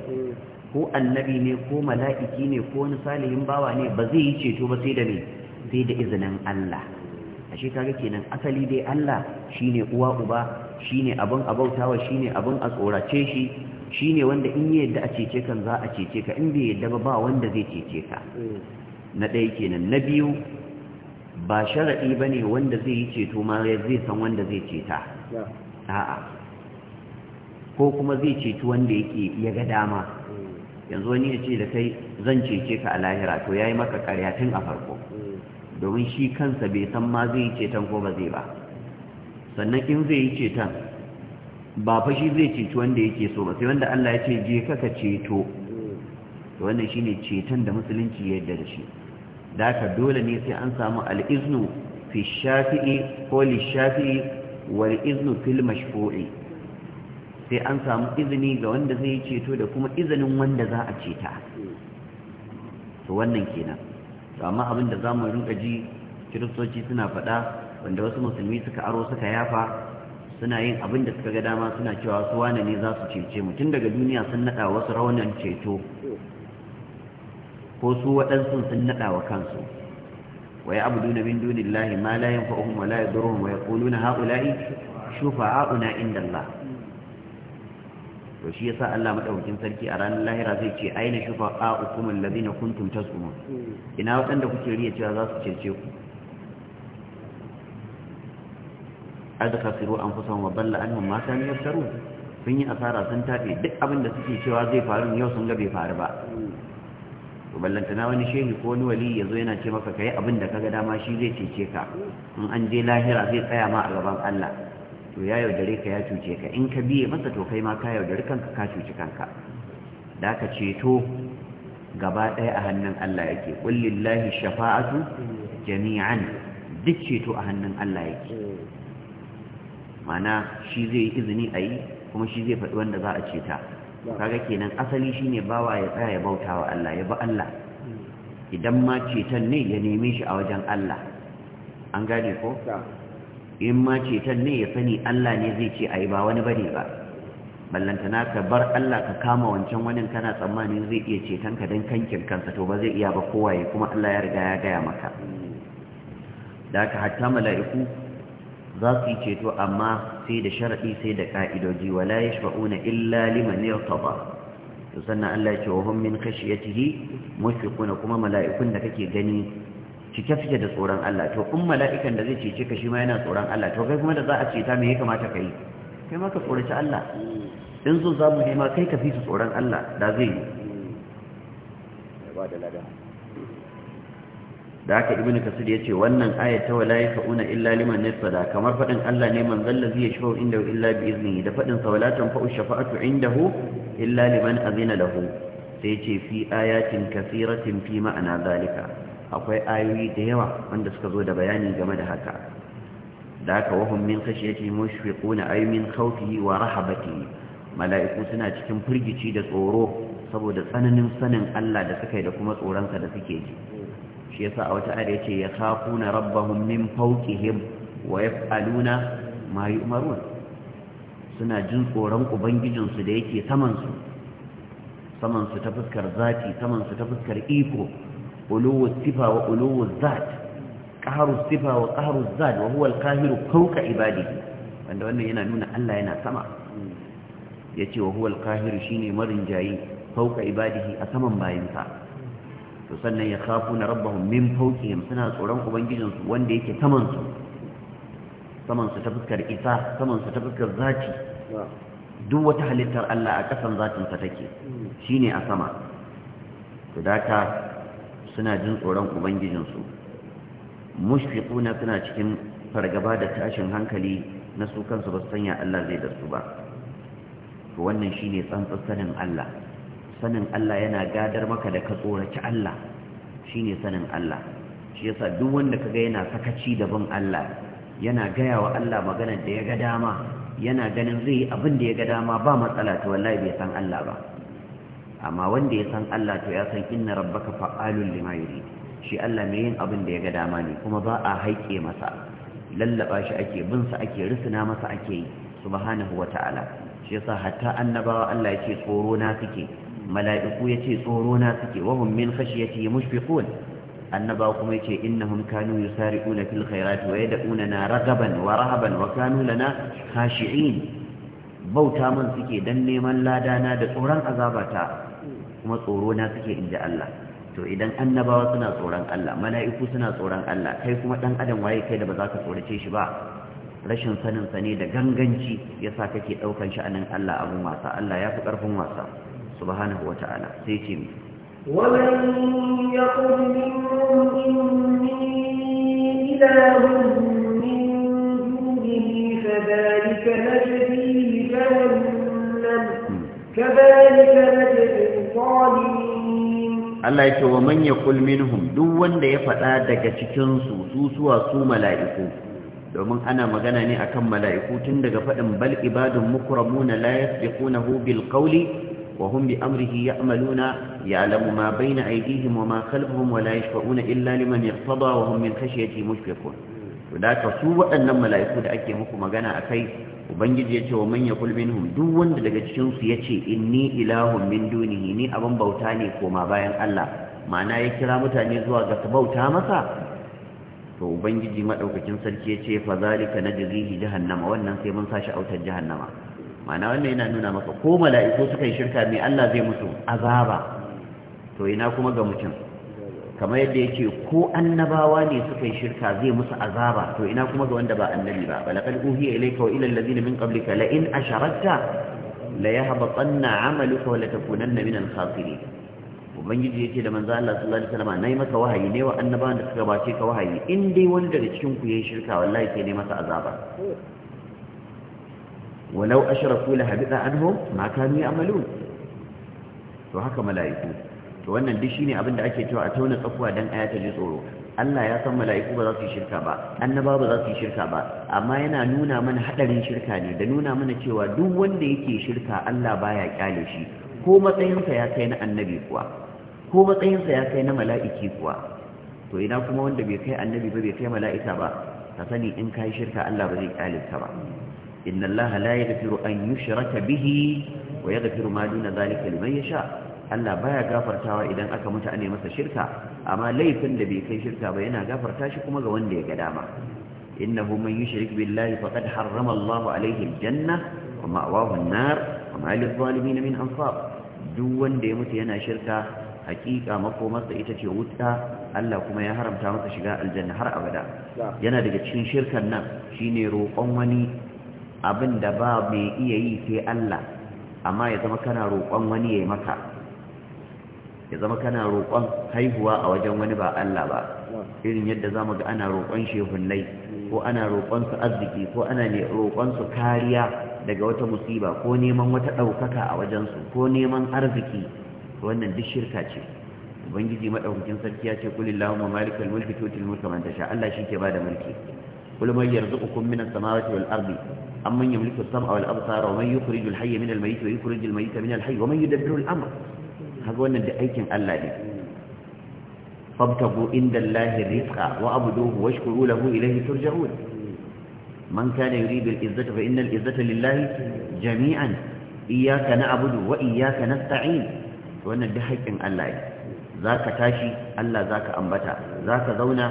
A: ko annabi ne ko mala'iki ne ko wani salihin bawa ne ba zai yi ceto ba sai da ne sai da izinin Allah ashe kaga kenan asali dai Allah shine uwa uba shine abin abautawa shine abin a tsorace shi shine wanda in ya yadda a cece kan za a cece ka in bai yadda ba ba wanda zai cece ka na ɗaya kenan na biyu ba sharaɗi ba ne wanda zai yi ceto ma zai san wanda zai ceta a'a ko kuma zai ceto wanda yake ya ga dama yanzu wani ya ce da kai zan cece ka a lahira to ya yi maka karyatun a farko domin shi kansa bai san ma zai yi ceton ko ba zai ba sannan in zai yi ceton ba fa shi zai ceci wanda yake so ba sai wanda Allah ya ce je kaka ceto to wannan shine ceton da musulunci ya yarda da shi da haka dole ne sai an samu al-iznu fi shafi'i ko li shafi'i wal iznu fil mashfu'i sai an samu izini ga wanda zai ceto da kuma izinin wanda za a ceta to wannan kenan Mama amma abin da zamu rinka ji kiristoci suna faɗa wanda wasu musulmi suka aro suka yafa suna yin abin da suka ga dama suna cewa su wane ne za su cece mu tun daga duniya sun naɗa wasu raunin ceto ko su waɗansu sun naɗa wa kansu wa ya abudu na min dunillahi ma la yanfa'uhum wa la yadurruhum wa yaquluna ha'ula'i shufa'a'una inda Allah to shi yasa Allah madaukakin sarki a ranar lahira zai ce aina shufa'a'ukum allazina kuntum tazumun ina wadanda kuke riya cewa za su cece ku ad khasiru anfusahum wa balla anhum ma kanu yaftarun sun yi asara sun tafi duk abin da suke cewa zai faru yau sun ga bai faru ba to na wani shehi ko wani wali yazo yana ce maka kai abin da kaga dama shi zai cece ka in an je lahira zai tsaya ma a gaban Allah to ya yaudare ka ya cuce ka in ka biye masa to kai ma ka yaudare kanka ka cuce kanka da ka ceto gaba ɗaya a hannun Allah yake kullillahi shafa'atu jami'an duk ceto a hannun Allah yake mana shi zai yi izini a yi kuma shi zai faɗi wanda za a ceta kaga kenan asali shine bawa ya tsaya ya bauta wa Allah ya ba Allah idan ma ceton ne ya neme shi a wajen Allah an gane ko in ma ceton ne ya sani Allah ne zai ce ai ba wani bane ba ballantana ka bar Allah ka kama wancan wanin kana tsammanin zai iya ceton ka dan kankin kansa to ba zai iya ba kowaye kuma Allah ya riga ya gaya maka da ka hatta mala'iku za su yi ceto amma sai da sharaɗi sai da ƙa'idoji wala yashfa'una illa liman yartaba to sannan Allah ya ce wa hum min khashyatihi mushfiquna kuma mala'ikun da kake gani cike suke da tsoron Allah to in mala'ikan da zai cece ka shi ma yana tsoron Allah to kai kuma da za a ta me ya kamata ka yi kai ma ka tsorace Allah in sun za ne ma kai ka fi su tsoron Allah da zai yi
C: da haka ibn kasir ya ce wannan ayat ta wala yakuna
A: illa liman nisada kamar fadin Allah ne man zallazi yashfa'u inda illa bi iznihi da fadin sa wala tanfa'u shafa'atu indahu illa liman azina lahu sai ce fi ayatin kathiratin fi ma'ana zalika akwai ayoyi da yawa wanda suka zo da bayani game da haka da haka wahum min khashyati mushfiquna ay min khawfihi wa rahabatihi mala'iku suna cikin firgici da tsoro saboda tsananin sanin Allah da suka yi da kuma tsoronsa da suke ji shi yasa a wata ayar yace khafuna rabbahum min fawqihim wa yaf'aluna ma yu'marun suna jin tsoron ubangijinsu da yake saman su saman su ta fuskar zati saman su ta fuskar iko uluwu sifa wa uluwu zat qaharu sifa wa qaharu zat wa ibadihi wanda wannan yana nuna Allah yana sama yace wa huwa al-qahiru shine marinjayi fawqa ibadihi a saman bayinsa to sannan ya khafuna rabbahum min fawqihim suna tsoron ubangijinsu wanda yake saman su saman su ta fuskar isa saman su ta fuskar duk wata halittar Allah a kasan zatin take shine a sama to suna jin tsoron ubangijinsu mushfiquna suna cikin fargaba da tashin hankali na su kansu ba sanya Allah zai da su ba to wannan shine tsantsar sanin Allah sanin Allah yana gadar maka da ka tsoraci Allah shine sanin Allah shi yasa duk wanda kaga yana sakaci da bin Allah yana gaya wa Allah maganar da ya ga dama yana ganin zai yi abin da ya ga dama ba matsala to wallahi bai san Allah ba amma wanda ya san Allah to ya san inna rabbaka fa'alun lima yurid shi Allah mai yin abin da ya ga dama ne kuma ba a haike masa lallaba shi ake bin sa ake risina masa ake yi subhanahu wata'ala shi yasa hatta annabawa Allah yake tsoro na suke mala'iku yace tsoro na suke wa hum min khashyati mushfiqun annaba kuma yace innahum kanu yusari'una fil khairati wa na ragaban wa rahaban wa kanu lana khashi'in bauta man suke dan neman ladana da tsoron azabata kuma tsoro na suke in ji Allah to idan annabawa suna tsoron Allah mala'iku suna tsoron Allah kai kuma dan adam waye kai da ba za ka tsorace shi ba rashin sanin sa ne da ganganci yasa kake daukan shi anan Allah abun wasa Allah ya fi karfin wasa subhanahu wata'ala sai ce mi
C: كذلك نجزيه
A: Allah yake wa manya kulmin hum duk wanda ya faɗa daga cikin su su mala'iku domin ana magana ne akan mala'iku tun daga faɗin bal ibadun mukramuna la yasbiqunahu bil qawli wa hum bi amrihi ya'maluna ya'lamu ma bayna aydihim wa ma khalfahum wa la yashfa'una illa liman irtada wa hum min khashyati mushfiqun to da su waɗannan mala'iku da ake muku magana a kai. ubangiji ya ce wa manya kulminhum duk wanda daga cikinsu ya ce inni ilahun min dunihi ni abin bauta ne koma bayan Allah ma'ana ya kira mutane zuwa ga su bauta masa to ubangiji maɗaukakin sarki ya ce fa zalika najzihi jahannama wannan sai mun sashi autar jahannama ma'ana wannan yana nuna maka ko mala'iku suka yi shirka me Allah zai mutu azaba to ina kuma ga mutum kamar yadda ya ce ko annabawa ne suka yi shirka zai musu azaba to ina kuma ga wanda ba annabi ba balaqad uhiya ilayka wa ila allazina min qablika la in asharakta la yahbatanna 'amaluka wa la takunanna min al-khasirin ubangiji yace da manzo Allah sallallahu alaihi wasallam nayi maka wahayi ne wa annabawan da suka ce ka wahayi in dai wanda daga cikin ku yayi shirka wallahi sai ne masa azaba walau ashraku la habita anhum ma kanu ya'malun to haka mala'iku to wannan duk shine abin da ake cewa a tauna tsakuwa dan aya ta ji tsoro Allah ya san mala'iku ba za su yi shirka ba annaba ba za su yi shirka ba amma yana nuna mana hadarin shirka ne da nuna mana cewa duk wanda yake shirka Allah baya kyale shi ko matsayinsa ya kai na annabi kuwa ko matsayinsa ya kai na mala'iki kuwa to ina kuma wanda bai kai annabi ba bai kai mala'ika ba ka sani in kai shirka Allah ba zai kyale ka ba inna Allah la yaghfiru an yushraka bihi wa yaghfiru ma duna dhalika liman yasha' Allah baya gafartawa idan aka mutu ane masa shirka amma laifin da bai kai shirka ba yana gafarta shi kuma ga wanda ya ga dama innahu man yushrik billahi faqad harrama Allahu alayhi aljanna wa ma'wahu an-nar wa ma lil min ansar duk wanda ya mutu yana shirka hakika makomarsa ita ce wuta Allah kuma ya haramta masa shiga aljanna har abada yana daga cikin shirkan nan shine roƙon wani abin da ba mai iya yi sai Allah amma ya zama kana roƙon wani ya yi maka ya zama kana roƙon haihuwa a wajen wani ba Allah ba irin yadda za mu ga ana roƙon shehunnai ko ana roƙon su arziki ko ana roƙon su kariya daga wata musiba ko neman wata ɗaukaka a wajensu ko neman arziki wannan duk shirka ce ubangiji madaukakin sarki ya ce kulillahumma malikal mulki tutil mulka man tasha Allah shike bada mulki kul yanzu yarzuqukum minas samawati wal ardi amman yamliku as-sam'a wal absara wa man yukhrijul hayya minal mayyit wa yukhrijul mayyita minal hayy wa man yi al-amra kaga wannan da aikin Allah ne fabtagu inda Allah rizqa wa abuduhu washkuru lahu ilayhi turja'un man kana yuridu al-izzata fa inna al-izzata lillahi jami'an iyyaka na'budu wa iyyaka nasta'in wannan da haƙƙin Allah ne zaka tashi Allah zaka ambata zaka zauna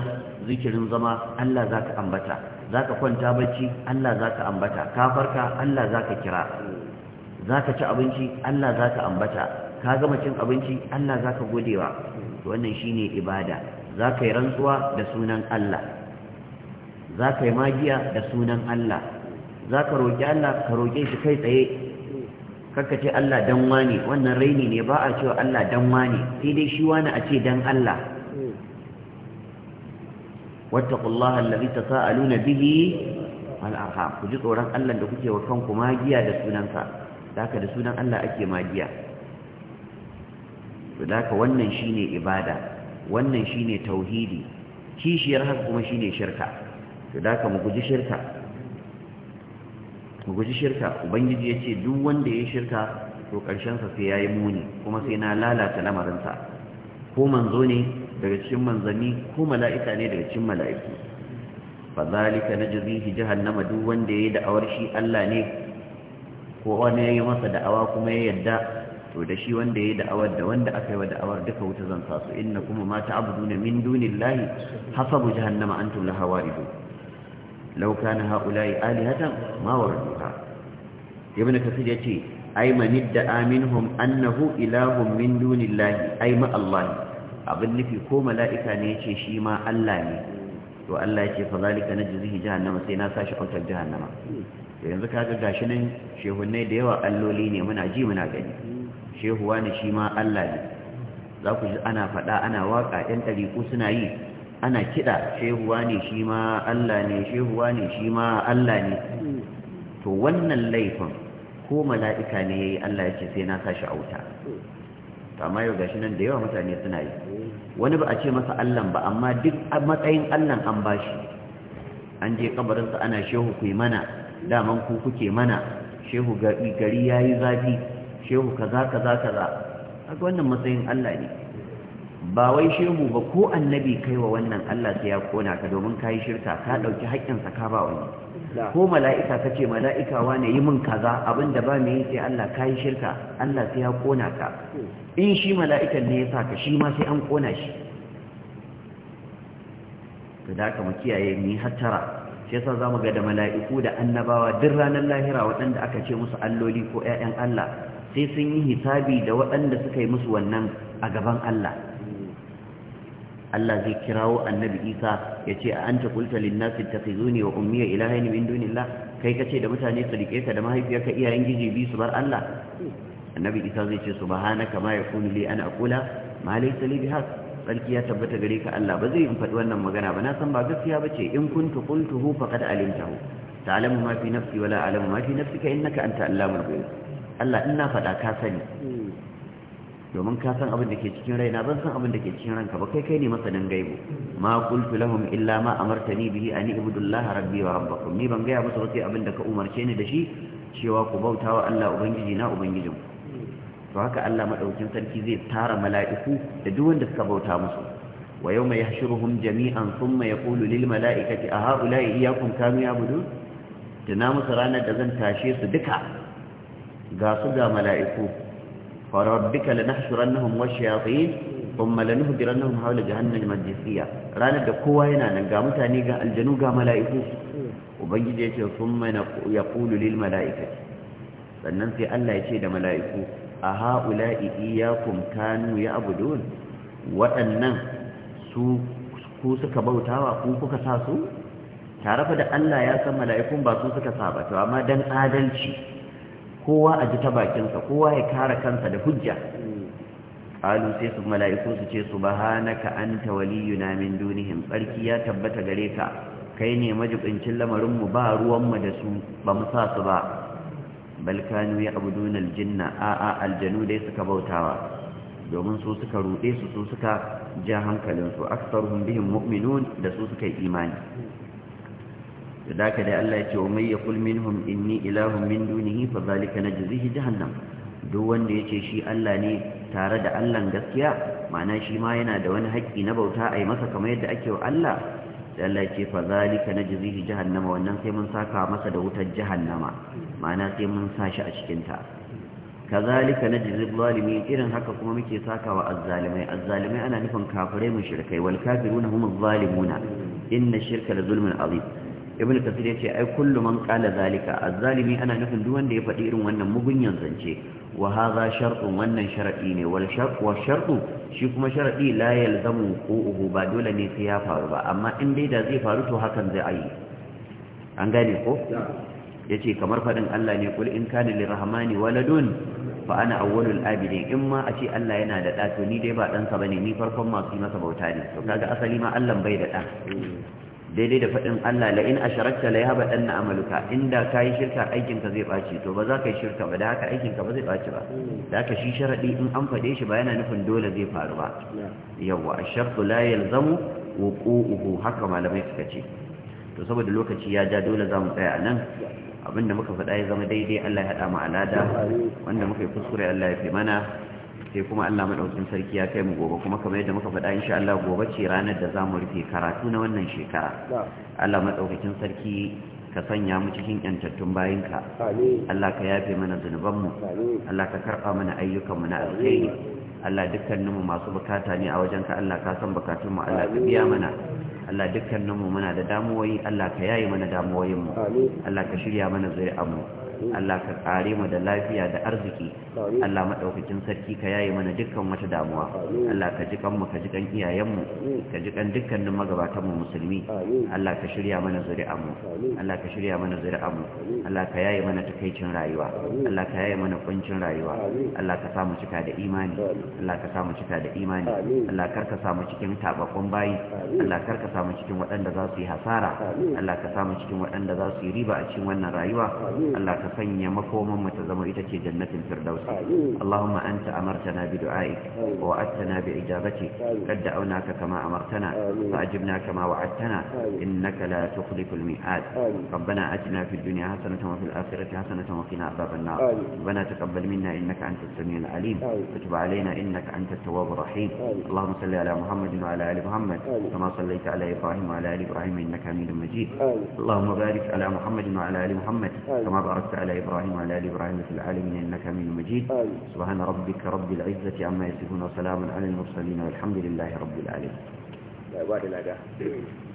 A: zikirin zama Allah zaka ambata za ka kwanta bacci Allah za ka ambata ka farka Allah za ka kira za ka ci abinci Allah za ka ambata ka gama cin abinci Allah za ka godewa wannan ne ibada za ka yi rantsuwa da sunan Allah za ka yi magiya da sunan Allah za ka roƙi Allah ka roƙe shi kai tsaye karka ce Allah dan wani wannan raini ne ba a cewa Allah dan wani sai dai shi wani a ce dan Allah wattaqullaha allazi tasaaluna bihi wal arham ku ji tsoron Allah da kuke wa kanku magiya da sunansa da da sunan Allah ake magiya to wannan shine ibada wannan shine tauhidi kishiyar haka kuma shine shirka to mu guji shirka mu guji shirka ubangiji yace duk wanda ya shirka to karshen sa sai yayi muni kuma sai na lalata lamarinsa ko manzo ne daga cikin manzanni ko mala'ika ne daga cikin mala'iku najzi fi jahannama duk wanda yayi da'awar shi Allah ne ko wani yi masa da'awa kuma ya yadda to da shi wanda yi da'awar da wanda aka yi wa da'awar duka wuta zan sa su inna kuma ma ne min dunillahi hasabu jahannama antum laha waridun law kana haula'i alihatan ma wariduha ibn kasir yace ay man idda'a minhum annahu ilahun min lahi, ai ma Allah abin nufi ko mala'ika ne yace shi ma Allah ne to Allah ce fa zalika najzihi jahannama sai na sashi autar jahannama yanzu kaga gashi nan shehunnai da yawa alloli ne muna ji muna gani shehu wani shi ma Allah ne za ku ji ana faɗa ana waƙa ɗan ɗariƙu suna yi ana kiɗa shehu wani shi ma Allah ne shehu wani shi ma Allah ne to wannan laifin ko mala'ika ne ya yi Allah ya ce sai na shi a wuta amma yau gashi nan da yawa mutane suna yi wani ba a ce masa Allah ba amma duk matsayin Allah an ba shi an je kabarinsa ana shehu ku mana daman ku kuke mana shehu gari yayi zafi shehu kaza kaza kaza haka wannan matsayin Allah ne ba wai shehu ba ko annabi kai wa wannan Allah sai ya kona ka domin kai shirka ka dauki haƙƙin sa ka ba wani ko mala'ika kace mala'ika wane yi min kaza abinda ba me yake Allah kai shirka Allah sai ya kona ka in shi mala'ikan ne ya ka shi ma sai an kona shi to da aka mu kiyaye ni hattara shi sa zamu ga da mala'iku da annabawa duk ranar lahira waɗanda aka ce musu alloli ko ƴaƴan Allah sai sun yi hisabi da waɗanda suka yi musu wannan a gaban Allah Allah zai kirawo annabi Isa ya ce a an ta kulta linnasi ta fi zuni wa ummiya ilahaini min dunillah kai ka ce da mutane su rike ka da mahaifiyarka iyayen giji biyu su bar Allah annabi Isa zai ce subhanaka ma yakunu li an aqula ma laysa li bihaq sarki ya tabbata gare ka Allah ba zai yi faɗi wannan magana ba na san ba gaskiya ba ce in kuntu qultuhu faqad alimtahu ta'lamu ma fi nafsi wala a'lamu ma fi nafsika innaka anta allamul ghuyub Allah in na faɗa ka sani hmm. domin ka san abin da ke cikin raina zan san abin da ke cikin ranka ba kai kai ne masanin gaibu ma qultu lahum illa ma amartani bihi an ibudullaha rabbi wa rabbakum ni ban gaya musu wace abin da ka umarce ni da shi cewa ku bautawa Allah ubangiji na ubangijin to haka Allah madaukin sarki zai tara mala'iku da duk wanda suka bauta musu wa yawma yahshuruhum jami'an thumma yaqulu lil mala'ikati a ha'ula'i iyyakum kanu ya'budun na musu ranar da zan tashe su duka ga su ga mala'iku farabbika lanahshurannahum wash-shayatin thumma lanuhdirannahum hawla jahannam majsiya ranar da kowa yana nan ga mutane ga aljanu ga mala'iku ubangiji yace ya yaqulu lil mala'ikati sannan sai Allah ya ce da mala'iku a ha'ula'i ya abu don? waɗannan su ku suka bautawa ku kuka sa su tare da Allah ya san mala'ikun ba su suka saba to amma dan adalci kowa a ji ta bakinsa kowa ya kara kansa da hujja alu sai su mala'iku su ce subhanaka anta waliyuna min dunihim barki. ya tabbata gare ka kai ne majibincin lamarin mu ba ruwan mu da su ba mu sa su ba bal kanu abuduna aljinna a a aljanu dai suka bautawa domin su suka rude su su suka ja hankalinsu, su aktsaruhum bihim mu'minun da su suka yi imani da daka da Allah ya ce wa mai ya kul minhum inni ilahun min dunihi fa zalika najzihi jahannam duk wanda shi Allah ne tare da Allahn gaskiya mana shi ma yana da wani haƙƙi na bauta a yi masa kamar yadda ake wa Allah da Allah ce fa zalika najzihi jahannama wannan sai mun saka masa da wutar jahannama mana sai mun sa shi a cikin ta kazalika najzi zalimin irin haka kuma muke sakawa azzalimai azzalimai ana nufin kafirai mushrikai wal kafiruna humuz zalimuna inna shirka la zulmun azim ibn kasir ya ce ai kullu man qala zalika azzalimi ana nufin duk wanda ya faɗi irin wannan mugunyan zance wa hadha shartun wannan sharadi ne wal shart wa shartu shi kuma sharadi la yalzamu qu'uhu ba dole ne sai ya faru ba amma in dai da zai faru to hakan zai ayi an gane ko yace kamar faɗin Allah ne kul in kana lirrahmani waladun fa ana awwalul abidin in ma a ce Allah yana da ɗa to ni dai ba ɗansa bane ni farkon masu yi masa bauta ne to kaga asali ma Allah bai da ɗa daidai da faɗin Allah la in asharakta la yahba danna amaluka inda kai shirka aikin ka zai baci to ba za ka yi shirka ba da haka aikin ka ba zai baci ba da haka shi sharadi in an fade shi ba yana nufin dole zai faru ba yawa ashartu la yalzamu wuqu'uhu haka malamai suka ce to saboda lokaci ya ja dole za mu tsaya nan abinda muka faɗa ya zama daidai Allah ya haɗa mu alada wanda muka yi kuskure Allah ya fi mana sai kuma Allah madaukin sarki ya kai mu gobe kuma kamar yadda muka faɗa insha Allah gobe ce ranar da zamu rufe karatu na wannan shekara Allah madaukakin sarki ka sanya mu cikin yantattun bayinka Allah ka yafe mana zunubanmu Allah ka karɓa mana ayyukanmu na alkhairi Allah dukkaninmu masu bukata ne a ka, Allah ka san bukatunmu Allah ka biya mana Allah dukkaninmu muna da damuwoyi Allah ka yaye mana damuwoyinmu Allah ka shirya mana mu Allah ka kare mu da lafiya da arziki Allah madaukakin sarki ka yaye mana dukkan wata damuwa Allah ka ji kanmu ka ji kan iyayenmu ka ji kan dukkanin magabatan mu musulmi Allah ka shirya mana zuri'anmu Allah ka shirya mana zuri'anmu Allah ka yaye mana takeicin rayuwa Allah ka yaye mana kuncin rayuwa Allah ka sa mu cika da imani Allah ka sa mu cika da imani Allah kar ka sa mu cikin tabakkun bayi Allah kar ka sa mu cikin waɗanda za su yi hasara Allah ka sa mu cikin waɗanda za su yi riba a cikin wannan rayuwa Allah ka sanya makoman mu ta zama ita ce jannatin firdaus Allahumma anta amartana bi du'aik wa wa'adtana bi ijabatik qad da'awnaka kama amartana fa ربنا آتنا في الدنيا حسنة وفي الآخرة حسنة وقنا عذاب النار ربنا تقبل منا إنك أنت السميع العليم وتب علينا إنك أنت التواب الرحيم اللهم صل على محمد وعلى آل محمد كما صليت على إبراهيم وعلى آل إبراهيم إنك حميد مجيد اللهم بارك على محمد وعلى آل محمد كما باركت على إبراهيم وعلى آل إبراهيم في العالمين إنك من مجيد سبحان ربك رب العزة عما يصفون وسلام على المرسلين والحمد لله رب العالمين